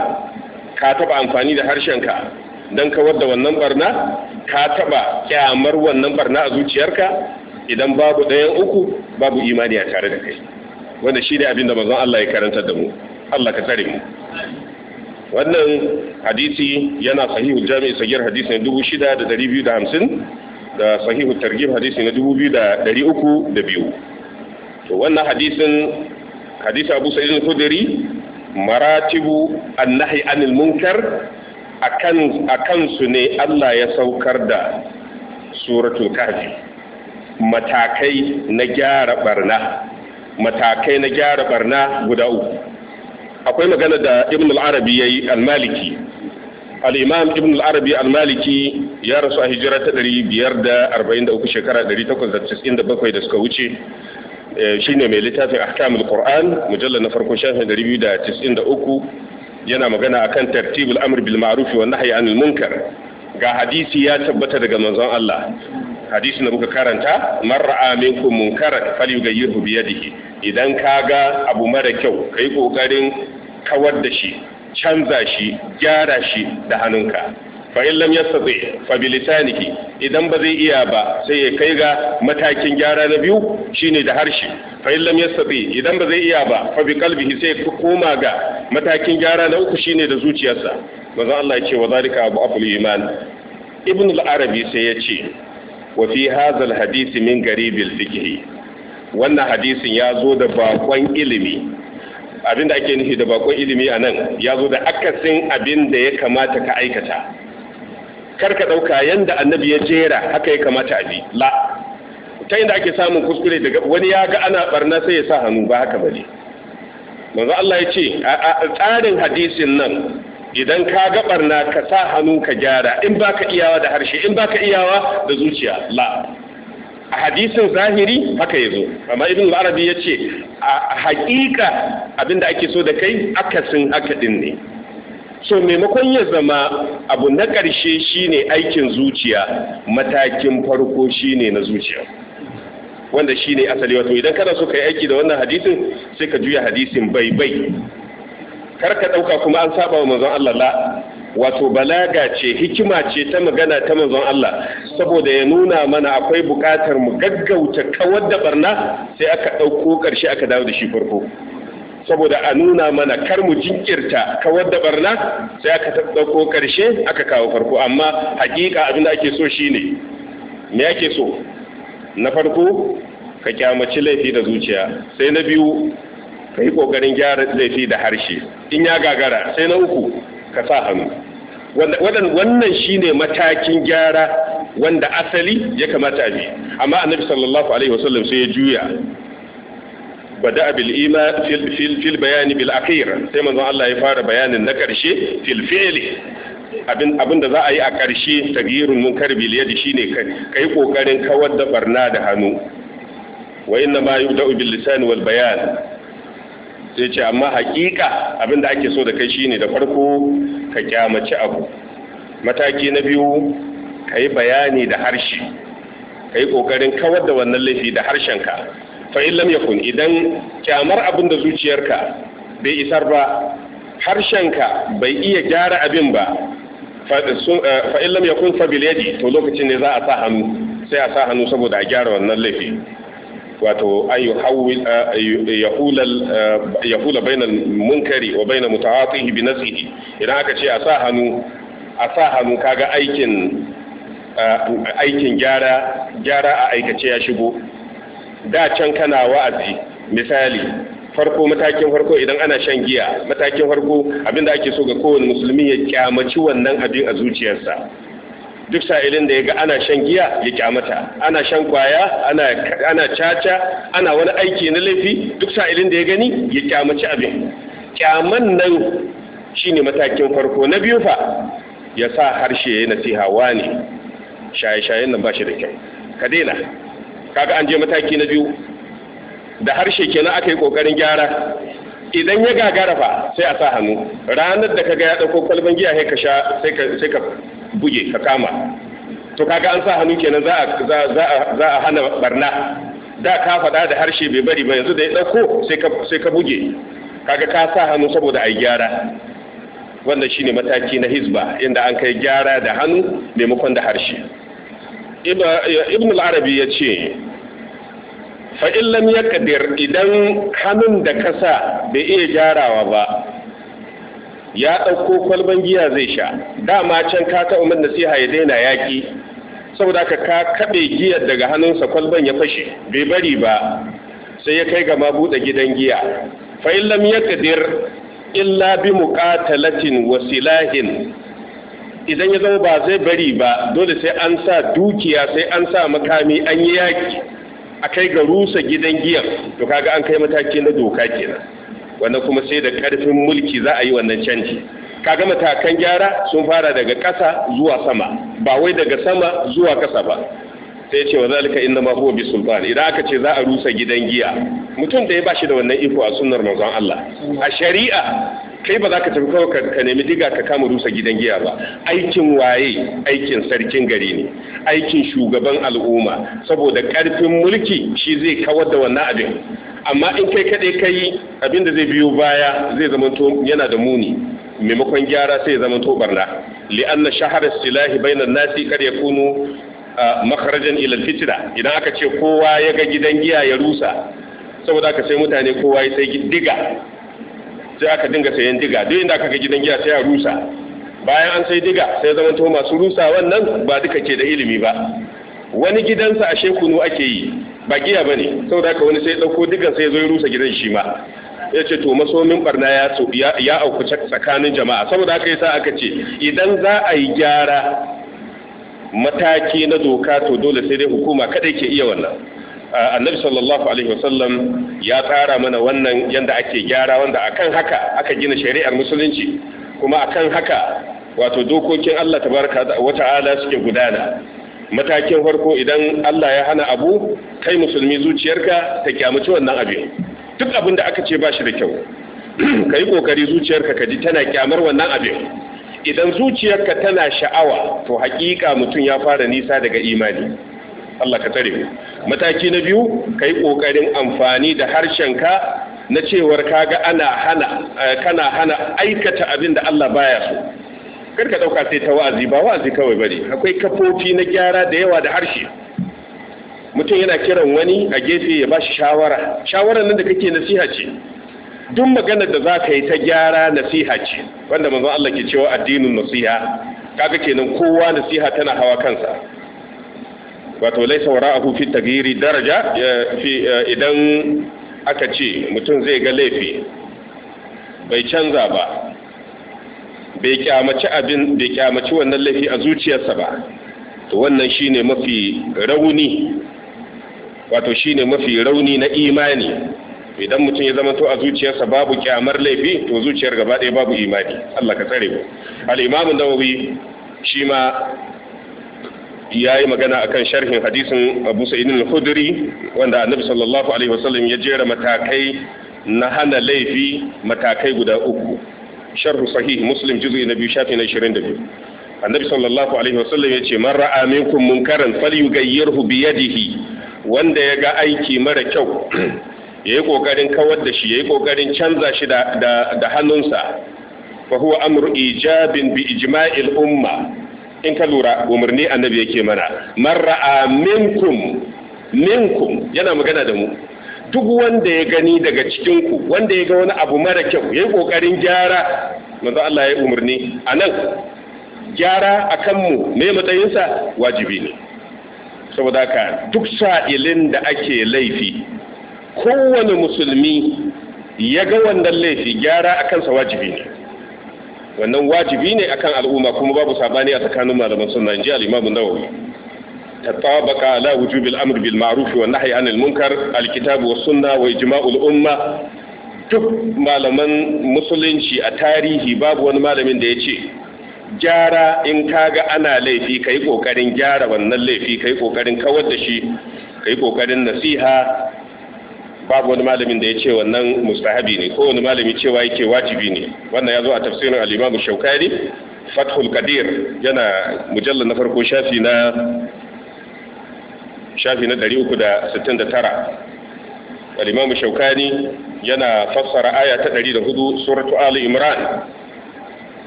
ka taɓa amfani da harshenka don kawar da wannan barna ka taba kyamar wannan barna a zuciyarka idan babu ɗayan uku babu imani a tare da kai wanda shi ne abin da manzon Allah ya karanta da mu Allah ka tsare mu wannan hadisi yana sahihu jami'i sagir hadisi na 6250 da sahihu targhib hadisi na 2302 to wannan hadisin hadisi Abu saidin al maratibu annahi nahy anil munkar a kansu ne Allah ya saukar da suratul kafi matakai na gyara barna matakai na gyara barna guda uku akwai magana da ibn al-arabi yayi al-maliki al-imam ibn al-arabi al-maliki ya rasu a hijira ta 543 shekara 897 da suka wuce eh, shine mai littafin ahkamul qur'an mujallal na farko shafin 293 yana magana akan tartibul amr bil ma'ruf wa nahyi anil munkar ga hadisi ya tabbata daga manzon Allah hadisi da muka karanta man ra'a minkum munkaran falyughayyirhu bi yadihi idan kaga abu mara kyau kai kokarin kawar da shi canza shi gyara shi da hannunka fa in lam yastati fa bi lisanihi idan ba zai iya ba sai ya kai ga matakin gyara na biyu shine da harshe fa in lam yastati idan ba zai iya ba fa bi sai ya koma ga matakin gyara na uku shine da zuciyarsa manzo Allah ya ce wa zalika abu aful iman ibn al-arabi sai ya ce wa fi hazal hadisi min garibil fiqh wannan hadisin ya zo da bakon ilimi abinda ake nufi da bakon ilimi a nan ya zo da akasin abin da ya kamata ka aikata karka ɗauka yanda annabi ya jera haka ya kamata a bi la ta inda ake samun kuskure daga wani ya ga ana barna sai ya sa hannu ba haka bane manzo Allah ya ce a tsarin hadisin nan idan ka ga barna ka sa hannu ka gyara in baka iyawa da harshe in baka iyawa da zuciya la a hadisin zahiri haka ya zo amma ibn arabi ya ce a haƙiƙa abinda ake so da kai akasin haka din ne so maimakon ya zama abu na ƙarshe shine aikin zuciya matakin farko shine na zuciya wanda shine asali wato idan kana so ka yi aiki da wannan hadisin sai ka juya hadisin bai bai kar ka ɗauka kuma an saba wa manzon Allah la wato balaga ce hikima ce ta magana ta manzon Allah saboda ya nuna mana akwai buƙatar mu gaggauta kawar da barna sai aka ɗauko ƙarshe aka dawo da shi farko saboda a nuna mana kar mu jinkirta kawar da barna sai aka ɗauko ƙarshe aka kawo farko amma hakika abin da ake so shine me ake so na farko ka kyamaci laifi da zuciya sai na biyu ka yi ƙoƙarin gyara laifi da harshe in ya gagara sai na uku ka sa hannu wannan shine matakin gyara wanda asali ya kamata a bi amma annabi sallallahu alaihi wasallam sai ya juya bada bil iman fil bayani bil akhir sai manzon Allah ya fara bayanin na karshe fi'li abin abin da za a yi a karshe tagyirul munkar bil yadi shine kai kokarin kawar da barna da hannu wa inna ma yubda'u bil lisan wal bayan sai ce amma hakika abin da ake so da kai shine da farko ka kyamaci abu mataki na biyu ka yi bayani da harshe ka yi ƙoƙarin kawar da wannan laifi da harshenka fa in lam yakun idan kyamar abin da zuciyarka bai isar ba harshenka bai iya gyara abin ba eh, fa in lam yakun fa bil yadi to lokacin ne za a sa hannu sai a sa hannu saboda a gyara wannan laifi wato an eh, ya eh, hula bainal munkari wa bainal mutawatihi bi nasihi idan aka ce a sa hannu a sa hannu kaga aikin aikin gyara gyara a aikace ya shigo da can kana wa'azi misali farko matakin farko idan ana shan giya matakin farko abin da ake so ga kowane musulmi ya kyamaci wannan abin a zuciyarsa duk sa'ilin da ya ga ana shan giya ya kyamata ana shan kwaya ana caca ana wani aiki na laifi duk sa'ilin da ya gani ya kyamaci abin kyaman nan shine matakin farko na biyu fa ya sa harshe ya nasiha ne shaye-shayen nan ba shi da kyau ka daina kaga an je mataki na biyu da harshe kenan aka yi kokarin gyara idan ya gagara fa sai a sa hannu ranar da ka ga ya dauko kwalban giya sai ka sha sai ka buge ka kama to kaga an sa hannu kenan za a za a hana barna da ka faɗa da harshe bai bari ba yanzu da ya dauko sai ka sai ka buge kaga ka sa hannu saboda a gyara wannan shine mataki na hizba inda an kai gyara da hannu maimakon da harshe ibn al-arabi ya ce fa'illan ya kadir idan hannun da kasa bai iya jarawa ba ya ɗauko kwalban giya zai sha dama can ka taɓa min nasiha ya daina yaƙi saboda ka ka kaɓe giyar daga hannunsa kwalban ya fashe bai bari ba sai ya kai ga buɗe gidan giya fa'illan ya kadir illa bi muƙatalatin wasilahin idan ya zama ba zai bari ba dole sai an sa dukiya sai an sa makami an yi yaki a kai ga rusa gidan giyan to kaga an kai mataki na doka kenan wannan kuma sai da karfin mulki za a yi wannan canji kaga matakan gyara sun fara daga ƙasa zuwa sama ba wai daga sama zuwa ƙasa ba sai ce wa zalika inna ma huwa bisultan idan aka ce za a rusa gidan giya mutum da ya bashi da wannan iko a sunnar manzon Allah a shari'a kai ba za ka tafi kawai ka nemi diga ka kama rusa gidan giya ba aikin waye aikin sarkin gari ne aikin shugaban al'umma saboda karfin mulki shi zai kawar da wannan abin amma in kai kaɗai yi abin da zai biyo baya zai zamanto yana da muni maimakon gyara sai ya zamanto barna li'anna shahar silahi bainan nasi kar ya kunu makarajan ilal fitna idan aka ce kowa ya ga gidan giya ya rusa saboda ka sai mutane kowa ya sai diga sai aka dinga sayan diga duk inda aka ga gidan giya sai a rusa bayan an sai diga sai zama to masu rusa wannan ba duka ke da ilimi ba wani gidansa a shekunu ake yi ba giya bane saboda haka wani sai dauko digan sai zo ya rusa gidan shi ma ya ce to masomin barna ya ya auku tsakanin jama'a saboda haka yasa aka ce idan za a yi gyara mataki na doka to dole sai dai hukuma kada ke iya wannan annabi sallallahu alaihi wasallam ya tsara mana wannan yanda ake gyara wanda akan haka aka gina shari'ar musulunci kuma akan haka wato dokokin Allah tabaraka wa ta'ala suke gudana matakin farko idan Allah ya hana abu kai musulmi zuciyarka ta kyamaci wannan abin duk abin da aka ce ba shi da kyau ka kokari zuciyarka ka ji tana kyamar wannan abin idan zuciyarka tana sha'awa to hakika mutum ya fara nisa daga imani Allah ka tare mataki na biyu ka kokarin amfani da harshenka na cewar kaga ana hana eh, kana hana aikata abin da Allah baya so kar ka ɗauka sai ta wazi ba wa'azi kawai bane akwai kafofi na gyara da yawa da harshe mutum yana kiran wani a gefe ya bashi shawara shawarar nan da kake nasiha ce duk maganar da za ka yi ta gyara nasiha ce wanda manzon Allah ke cewa addinin nasiha kaga kenan kowa nasiha tana hawa kansa wato laisa wara'ahu fi tagiri daraja idan aka ce mutum zai ga laifi bai canza ba bai kyamaci abin bai kyamaci wannan laifi a zuciyarsa ba to wannan shine mafi rauni wato shine mafi rauni na imani idan mutum ya zama to a zuciyarsa babu kyamar laifi to zuciyar gaba ɗaya babu imani Allah ka tsare mu al-imamu nawawi shi ma ya yi magana a kan sharhin hadisin abu sa'idin al-khudri wanda annabi sallallahu alaihi wasallam ya jera matakai na hana laifi matakai guda uku sharhu sahih muslim juz'i na biyu shafi na 22 annabi sallallahu alaihi wasallam ya ce man ra'a minkum munkaran falyughayyirhu bi yadihi wanda ya ga aiki mara kyau ya yi kokarin kawar da shi ya yi kokarin canza shi da hannunsa fa huwa amru ijabin bi ijma'il umma in ka lura umarni annabi yake mana marra'a minkum minkum yana magana da mu duk wanda ya gani daga cikin ku wanda ya ga wani abu mara kyau yayi kokarin gyara manzo Allah ya umarni anan gyara akan mu me matsayin sa wajibi ne saboda haka duk sa'ilin da ake laifi kowane musulmi ya ga wannan laifi gyara akan sa wajibi ne wannan wajibi ne akan al'umma kuma babu sabani a tsakanin malaman sunna inji al-imam an-nawawi تطابق على وجوب munkar al-kitab wa sunna wa والسنة al umma. duk malaman musulunci a tarihi babu wani malamin da ya ce gyara in kaga ana laifi kai kokarin gyara wannan laifi kai kokarin kawar da shi kai kokarin nasiha babu wani malamin da ya ce wannan mustahabi ne ko wani malami cewa yake wajibi ne wannan ya zo a tafsirin al-Imam Shawkani Fathul Qadir yana mujallar na farko shafi na shafi na 369 al-Imam yana fassara aya ta 104 suratu Ali Imran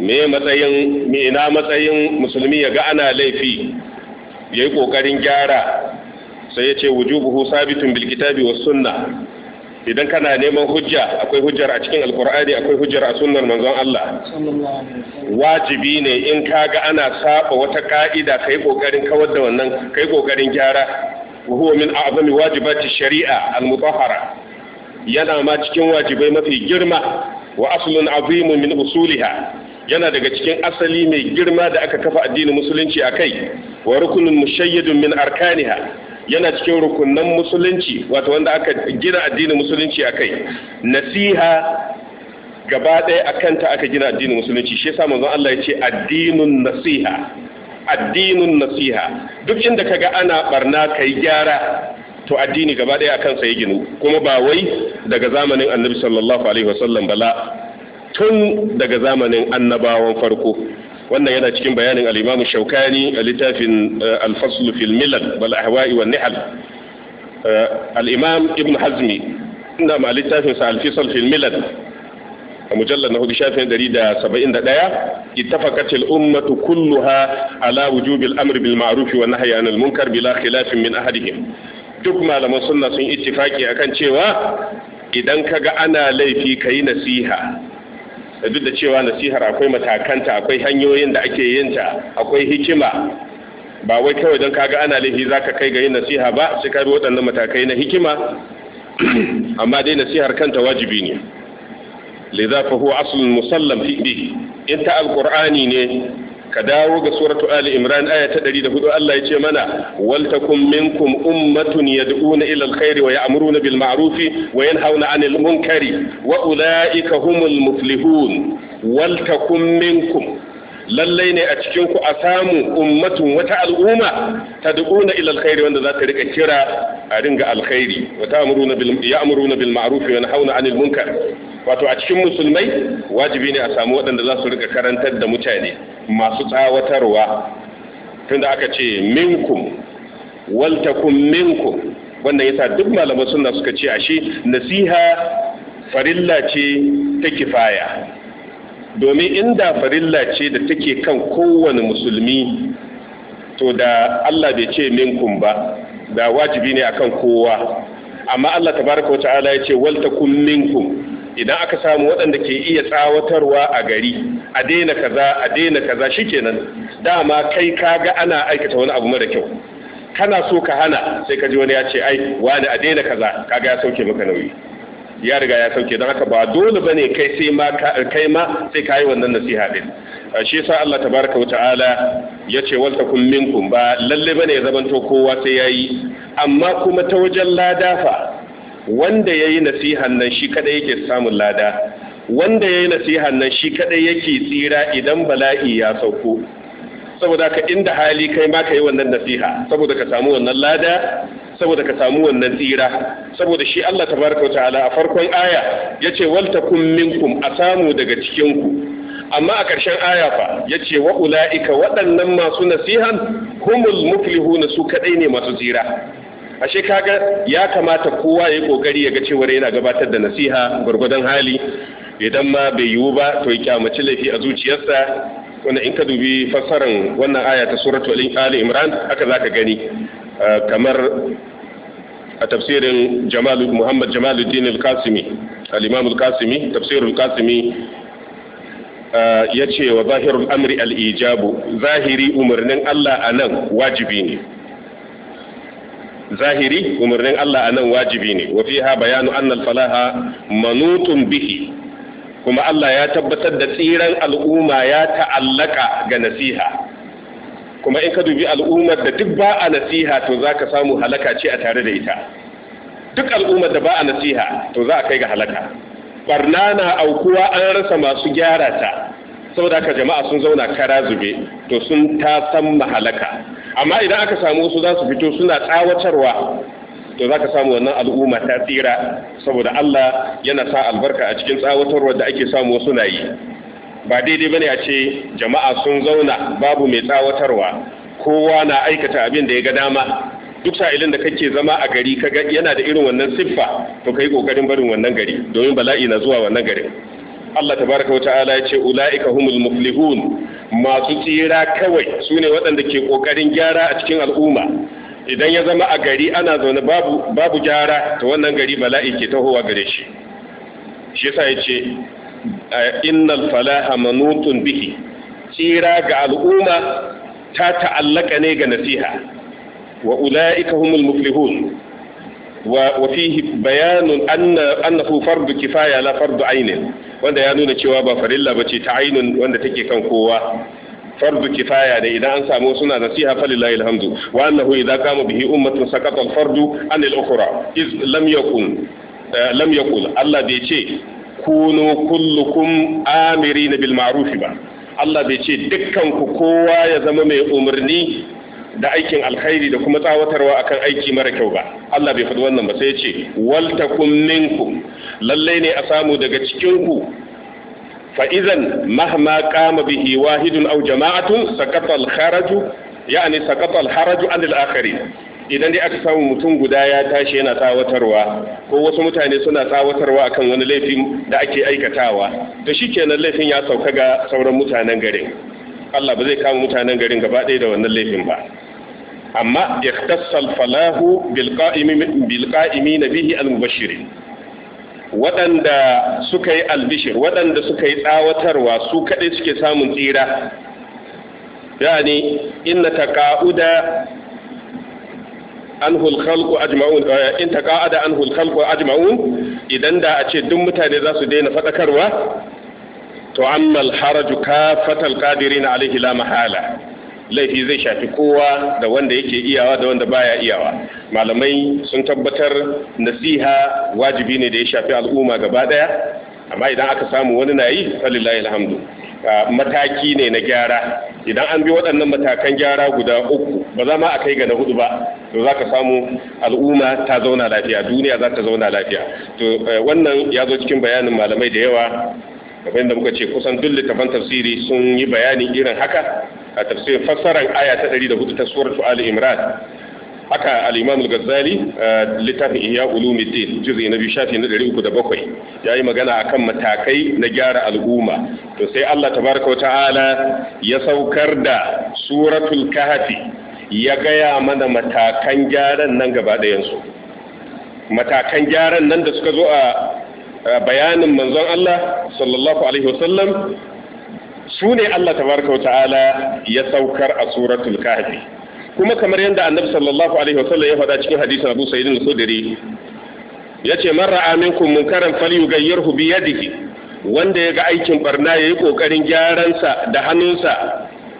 me matsayin me ina matsayin musulmi ya ga ana laifi yayi kokarin gyara sai ya ce wujubuhu sabitun bil kitabi was sunna idan kana neman hujja akwai hujjar a cikin alkur'ani akwai hujjar a sunnar manzon Allah wajibi ne in kaga ana saba wata ka'ida kai kokarin kawar da wannan kai kokarin gyara huwa min a'zami wajibati shari'a al-mutahhara yana ma cikin wajibai mafi girma wa aslun azimu min usuliha yana daga cikin asali mai girma da aka kafa addinin musulunci akai wa rukunun mushayyadun min arkaniha yana cikin rukunan musulunci wato wanda aka gina addinin musulunci a kai nasiha gaba ɗaya a kanta aka gina addinin musulunci shi yasa manzon Allah ya ce addinun nasiha addinun nasiha duk inda kaga ana barna kai gyara to addini gaba ɗaya a kansa ya ginu kuma ba wai daga zamanin annabi sallallahu alaihi wasallam bala tun daga zamanin annabawan farko wannan yana cikin bayanin al-Imam Shawkani a littafin eh, al-Fasl fil Milal wal Ahwa'i wan Nihal eh, al-Imam Ibn Hazmi inda ma littafin sa al-Fisl fil Milal a mujallar na hudu shafin ɗari da saba'in da ɗaya ittafaqatil ummatu kulluha ala wujubil amri bil ma'ruf wa nahyi anil munkar bila khilafin min ahadihim duk malaman sunna sun ittifaqi akan cewa idan kaga ana laifi kai nasiha Eh, duk da cewa nasihar akwai matakanta akwai hanyoyin da ake yin ta akwai hikima ba wai kawai don kaga ana laifi zaka kai ga yin nasiha ba sai ka bi waɗannan matakai na hikima amma dai nasihar kanta wajibi ne lidha fa huwa aslun musallam fi in ta alqur'ani ne ka dawo ga suratu ali imran aya ta 104 Allah ya ce mana wal takum minkum ummatun yad'una ila alkhairi wa ya'muruna bil ma'rufi wa yanhauna 'anil munkari wa ulaika humul muflihun wal takum minkum lallai ne a cikin ku a samu ummatun wata al'umma ta duƙuna ila alkhairi wanda za ta rika kira a ringa alkhairi wa ta'muruna bil ya'muruna bil ma'ruf wa yanhauna 'anil munkar wato a cikin musulmai wajibi ne a samu waɗanda za su rika karantar da mutane masu tsawatarwa tunda aka ce minkum waltakum minkum wannan yasa duk malamai suna suka ce ashe nasiha farilla ce ta kifaya domin inda farilla ce da take kan kowane musulmi to da Allah bai ce minku ba da wajibi ne akan kowa amma Allah tabaraka wa ta'ala ya ce waltakum minkum idan aka samu waɗanda ke iya tsawatarwa a gari a daina kaza a daina kaza shikenan dama kai kaga ana aikata wani abu mara kyau kana so ka hana sai ka ji wani ya ce ai wani a daina kaza kaga ya sauke maka nauyi ya riga ya sauke don haka ba dole bane kai sai ma kai ma sai ka yi wannan nasiha din shi yasa Allah tabaraka wa ta'ala ce wal takum minkum ba lalle bane ya zamanto kowa sai yayi amma kuma ta wajen ladafa wanda ya yi nasihan nan shi kadai yake samun lada wanda ya yi nasihan nan shi kadai yake tsira idan bala'i ya sauko saboda ka inda hali kai ma ka yi wannan nasiha saboda ka samu wannan lada saboda ka samu wannan tsira saboda shi Allah tabaraka wa ta'ala a farkon aya yace wal takum minkum a samu daga cikin ku amma a ƙarshen aya fa yace wa ulaika waɗannan masu nasihan humul muflihuna su kadai ne masu tsira ashe kaga ya kamata kowa ya yi kokari ya ga cewa yana gabatar da nasiha gwargwadon hali idan ma bai yiwu ba to ya kyamaci laifi a zuciyarsa wanda in ka dubi fassarar wannan aya ta suratul ali imran haka zaka gani ah, kamar a tafsirin jamal muhammad jamaluddin al-qasimi al-imam al-qasimi tafsirul qasimi ah, ya ce wa zahirul amri al-ijabu zahiri umarnin Allah a nan wajibi ne zahiri umarnin Allah a nan wajibi ne wa fiha bayanu annal falaha manutun bihi kuma Allah ya tabbatar da tsiran al'umma ya ta'allaka ga nasiha kuma in ka dubi al'ummar da duk ba a nasiha to za ka samu halaka ce a tare da ita duk al'ummar da ba a nasiha to za a kai ga halaka barna na aukuwa an rasa masu gyara ta saboda haka jama'a sun zauna kara zube to sun ta san mahalaka amma idan aka samu wasu za su fito suna tsawatarwa to za ka samu wannan al'umma ta tsira saboda Allah yana sa albarka a cikin tsawatarwa da ake samu wasu na yi ba daidai bane a ce jama'a sun zauna babu mai tsawatarwa kowa na aikata abin da ya ga dama duk sa'ilin da kake zama a gari kaga yana da irin wannan siffa to kai kokarin barin wannan gari domin bala'i na zuwa wannan garin Allah tabaraka wa ta'ala ya ce ula'ika humul muflihun masu tsira kawai su ne waɗanda ke ƙoƙarin gyara a cikin al'umma idan ya zama a gari ana zaune babu babu gyara ta wannan gari bala'i ke tahowa gare shi shi yasa ya ce innal falaha manutun bihi tsira ga al'umma ta ta'allaka ne ga nasiha wa ula'ika humul muflihun وفيه بيان أن أنه فرض كفاية لا فرض عين wanda ya nuna cewa ba farilla ba ce ta ainun wanda take kan kowa fardu kifaya ne idan an samu suna nasiha falillahi alhamdu wa annahu idza qama bihi ummatun saqata al-fardu an al-ukhra iz lam yakun eh, lam yakul Allah bai ce kunu kullukum amirin bil ma'ruf ba Allah bai ce dukkan ku kowa ya zama mai umarni da aikin alkhairi da kuma tsawatarwa akan aiki mara kyau ba Allah bai faɗi wannan ba sai ya ce wal takum minkum lalle ne a samu daga cikin ku fa idan mahma qama bihi wahidun aw jama'atun saqata al kharaju yani saqata al haraju an al akharin idan dai aka samu mutum guda ya tashi yana tsawatarwa ko wasu mutane suna tsawatarwa akan wani laifin da ake aikatawa to shikenan laifin ya sauka ga sauran mutanen garin Allah ba zai kama mutanen garin gaba ɗaya da wannan laifin ba amma ikhtassal falahu bilka'imi na bihi al mubashirin waɗanda suka yi albishir waɗanda suka yi tsawatarwa su kaɗai suke samun tsira yani inna taqa'uda anhu khalqu ajma'un eh, in taqa'ada khalqu ajma'un idan da a ce duk mutane za su daina fadakarwa to amma al-haraju kafatal qadirin alaihi la mahala laifi zai shafi kowa da wanda yake iyawa da wanda baya iyawa malamai sun tabbatar nasiha wajibi ne da ya shafi al'umma gaba daya amma idan aka samu wani na yi falillahi alhamdu mataki ne na gyara idan an bi waɗannan matakan gyara guda uku ba za ma a kai ga na hudu ba to za ka samu al'umma ta zauna lafiya duniya za ta zauna lafiya to e, wannan ya zo cikin bayanin malamai da yawa kamar yadda muka ce kusan duk littafan tafsiri sun yi bayani irin haka a tafsirin fassarar aya ta 104 ta suratu Ali Imran haka al-Imam al-Ghazali eh, littafin Ihya Ulumuddin juz'i na biyu shafi na 307 yayi magana akan matakai na gyara al'umma to sai Allah tabaraka wa ta'ala ya saukar da suratul kahfi ya gaya mana matakan gyaran nan gaba ɗayan su matakan gyaran nan da suka zo a bayanin manzon Allah sallallahu alaihi wasallam su ne Allah tabaraka wa ta'ala ya saukar a suratul kahfi kuma kamar yadda annabi sallallahu alaihi wasallam ya faɗa cikin hadisin Abu Sa'id al-Khudri yace man ra'a minkum munkaran falyughayyirhu bi yadihi wanda ya ga aikin barna yayi kokarin gyaran sa da hannunsa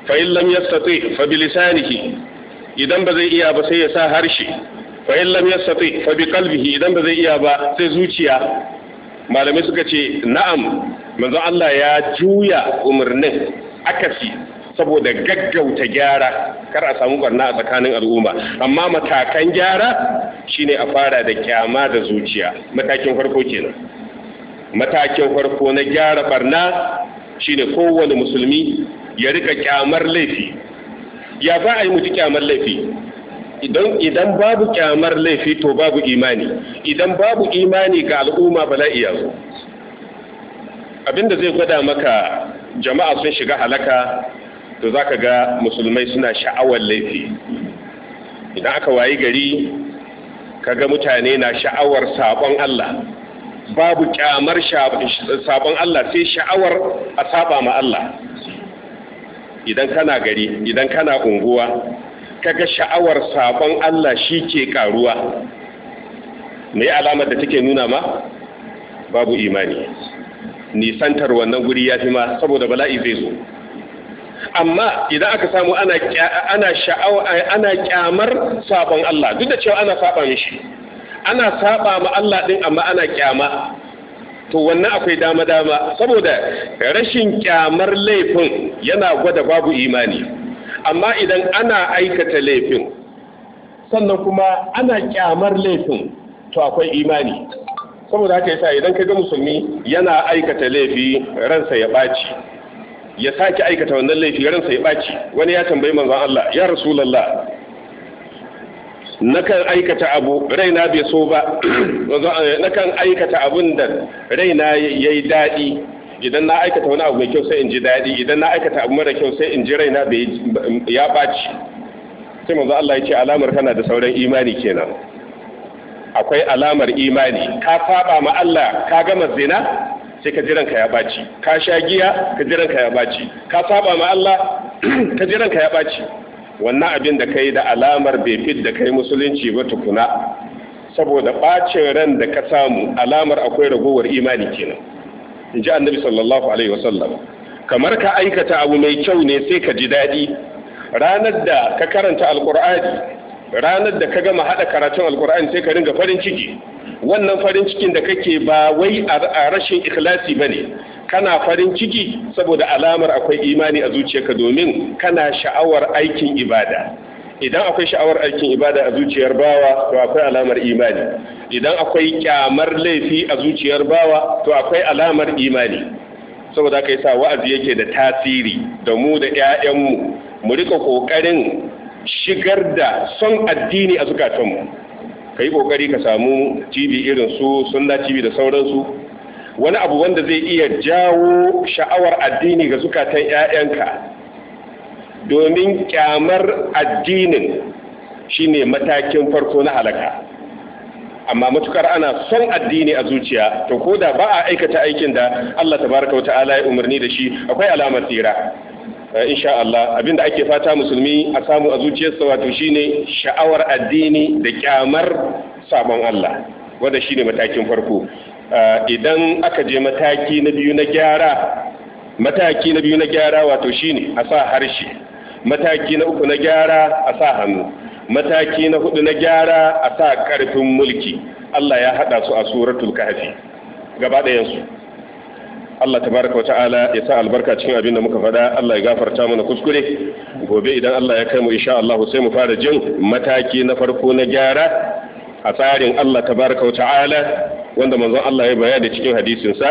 fa in lam yastati fa bi lisanihi idan ba zai iya ba sai ya sa harshe fa in lam yastati fa bi qalbihi idan ba zai iya ba sai zuciya malamai suka ce na'am manzon Allah ya juya umarnin akasi saboda gaggauta gyara kar a samu barna a tsakanin al'umma amma matakan gyara shine a fara da kyama da zuciya matakin farko kenan matakin farko na gyara barna shine kowane musulmi ya rika kyamar laifi ya ba a yi mutu kyamar laifi idan idan babu kyamar laifi to babu imani idan babu imani ga al'umma bala'i ya zo abinda zai gwada maka jama'a sun shiga halaka to zaka ga musulmai suna sha'awar laifi idan aka wayi gari kaga mutane na sha'awar sabon Allah babu kyamar sabon Allah sai sha'awar a saba ma Allah idan kana gari idan kana unguwa kaga sha'awar sabon Allah shi ke karuwa yi alamar da take nuna ma babu imani nisantar wannan guri ya fi ma saboda bala'i zai zo amma idan aka samu ana ƙyamar ana kyamar sabon Allah duk da cewa ana saba mishi ana saba ma Allah ɗin amma ana kyama to wannan akwai dama dama saboda rashin kyamar laifin yana gwada babu imani amma idan ana aikata laifin sannan kuma ana kyamar laifin to akwai imani saboda haka yasa idan ka ga musulmi yana aikata laifi ransa ya ɓaci ya sake aikata wannan laifi ransa ya ɓaci wani ya tambayi manzon Allah ya rasulullah nakan aikata abu raina bai so ba nakan aikata abun da raina yayi daɗi idan na aikata wani abu mai kyau sai in ji daɗi idan na aikata abu mara kyau sai in ji raina bai ya ɓaci sai manzo Allah ya ce alamar kana da sauran imani kenan akwai alamar imani ka saba ma Allah ka gama zina sai ka jiran ka ya ɓaci ka sha giya ka jiran ka ya ɓaci ka saba ma Allah ka jiran ka ya ɓaci wannan abin da kai da alamar bai fit da kai musulunci ba tukuna saboda ɓacin ran da ka samu alamar akwai ragowar imani kenan in ji annabi sallallahu alaihi wasallam kamar ka aikata abu mai kyau ne sai ka ji daɗi ranar da ka karanta alkur'ani ranar da ka gama haɗa karatun alkur'ani sai ka ringa farin ciki wannan farin cikin da kake ba wai a rashin ikhlasi ba ne kana farin ciki saboda alamar akwai imani a zuciyarka domin kana sha'awar aikin ibada idan akwai sha'awar aikin ibada a zuciyar bawa to akwai alamar imani idan akwai kyamar laifi a zuciyar bawa to akwai alamar imani saboda kai sa wa'azi yake da tasiri da mu da ƴaƴanmu mu rika kokarin shigar da son addini a zukatanmu kai kokari ka samu TV irin su sunna TV da sauransu wani abu wanda zai iya jawo sha'awar addini ga zukatan ƴaƴanka domin kyamar addinin shine matakin farko na halaka amma matukar ana son addini a zuciya to ko da ba a aikata aikin da Allah Ta tabaraka wata'ala ya umarni da shi akwai alamar tsira eh, insha Allah abinda ake fata musulmi a samu a zuciyarsa wato shine sha'awar addini da kyamar sabon Allah wanda shine matakin farko eh, idan aka je mataki na biyu na gyara mataki na biyu na gyara wato shine a sa harshe mataki na uku na gyara a sa hannu mataki na hudu na gyara a sa karfin mulki Allah ya hada su a suratul kahfi gaba yansu Allah tabaraka wata'ala ya sa albarka cikin abin da muka faɗa Allah ya gafarta mana kuskure gobe idan Allah ya kai mu insha Allah sai mu fara jin mataki na farko na gyara a tsarin Allah tabaraka wata'ala wanda manzon Allah ya bayyana cikin hadisin sa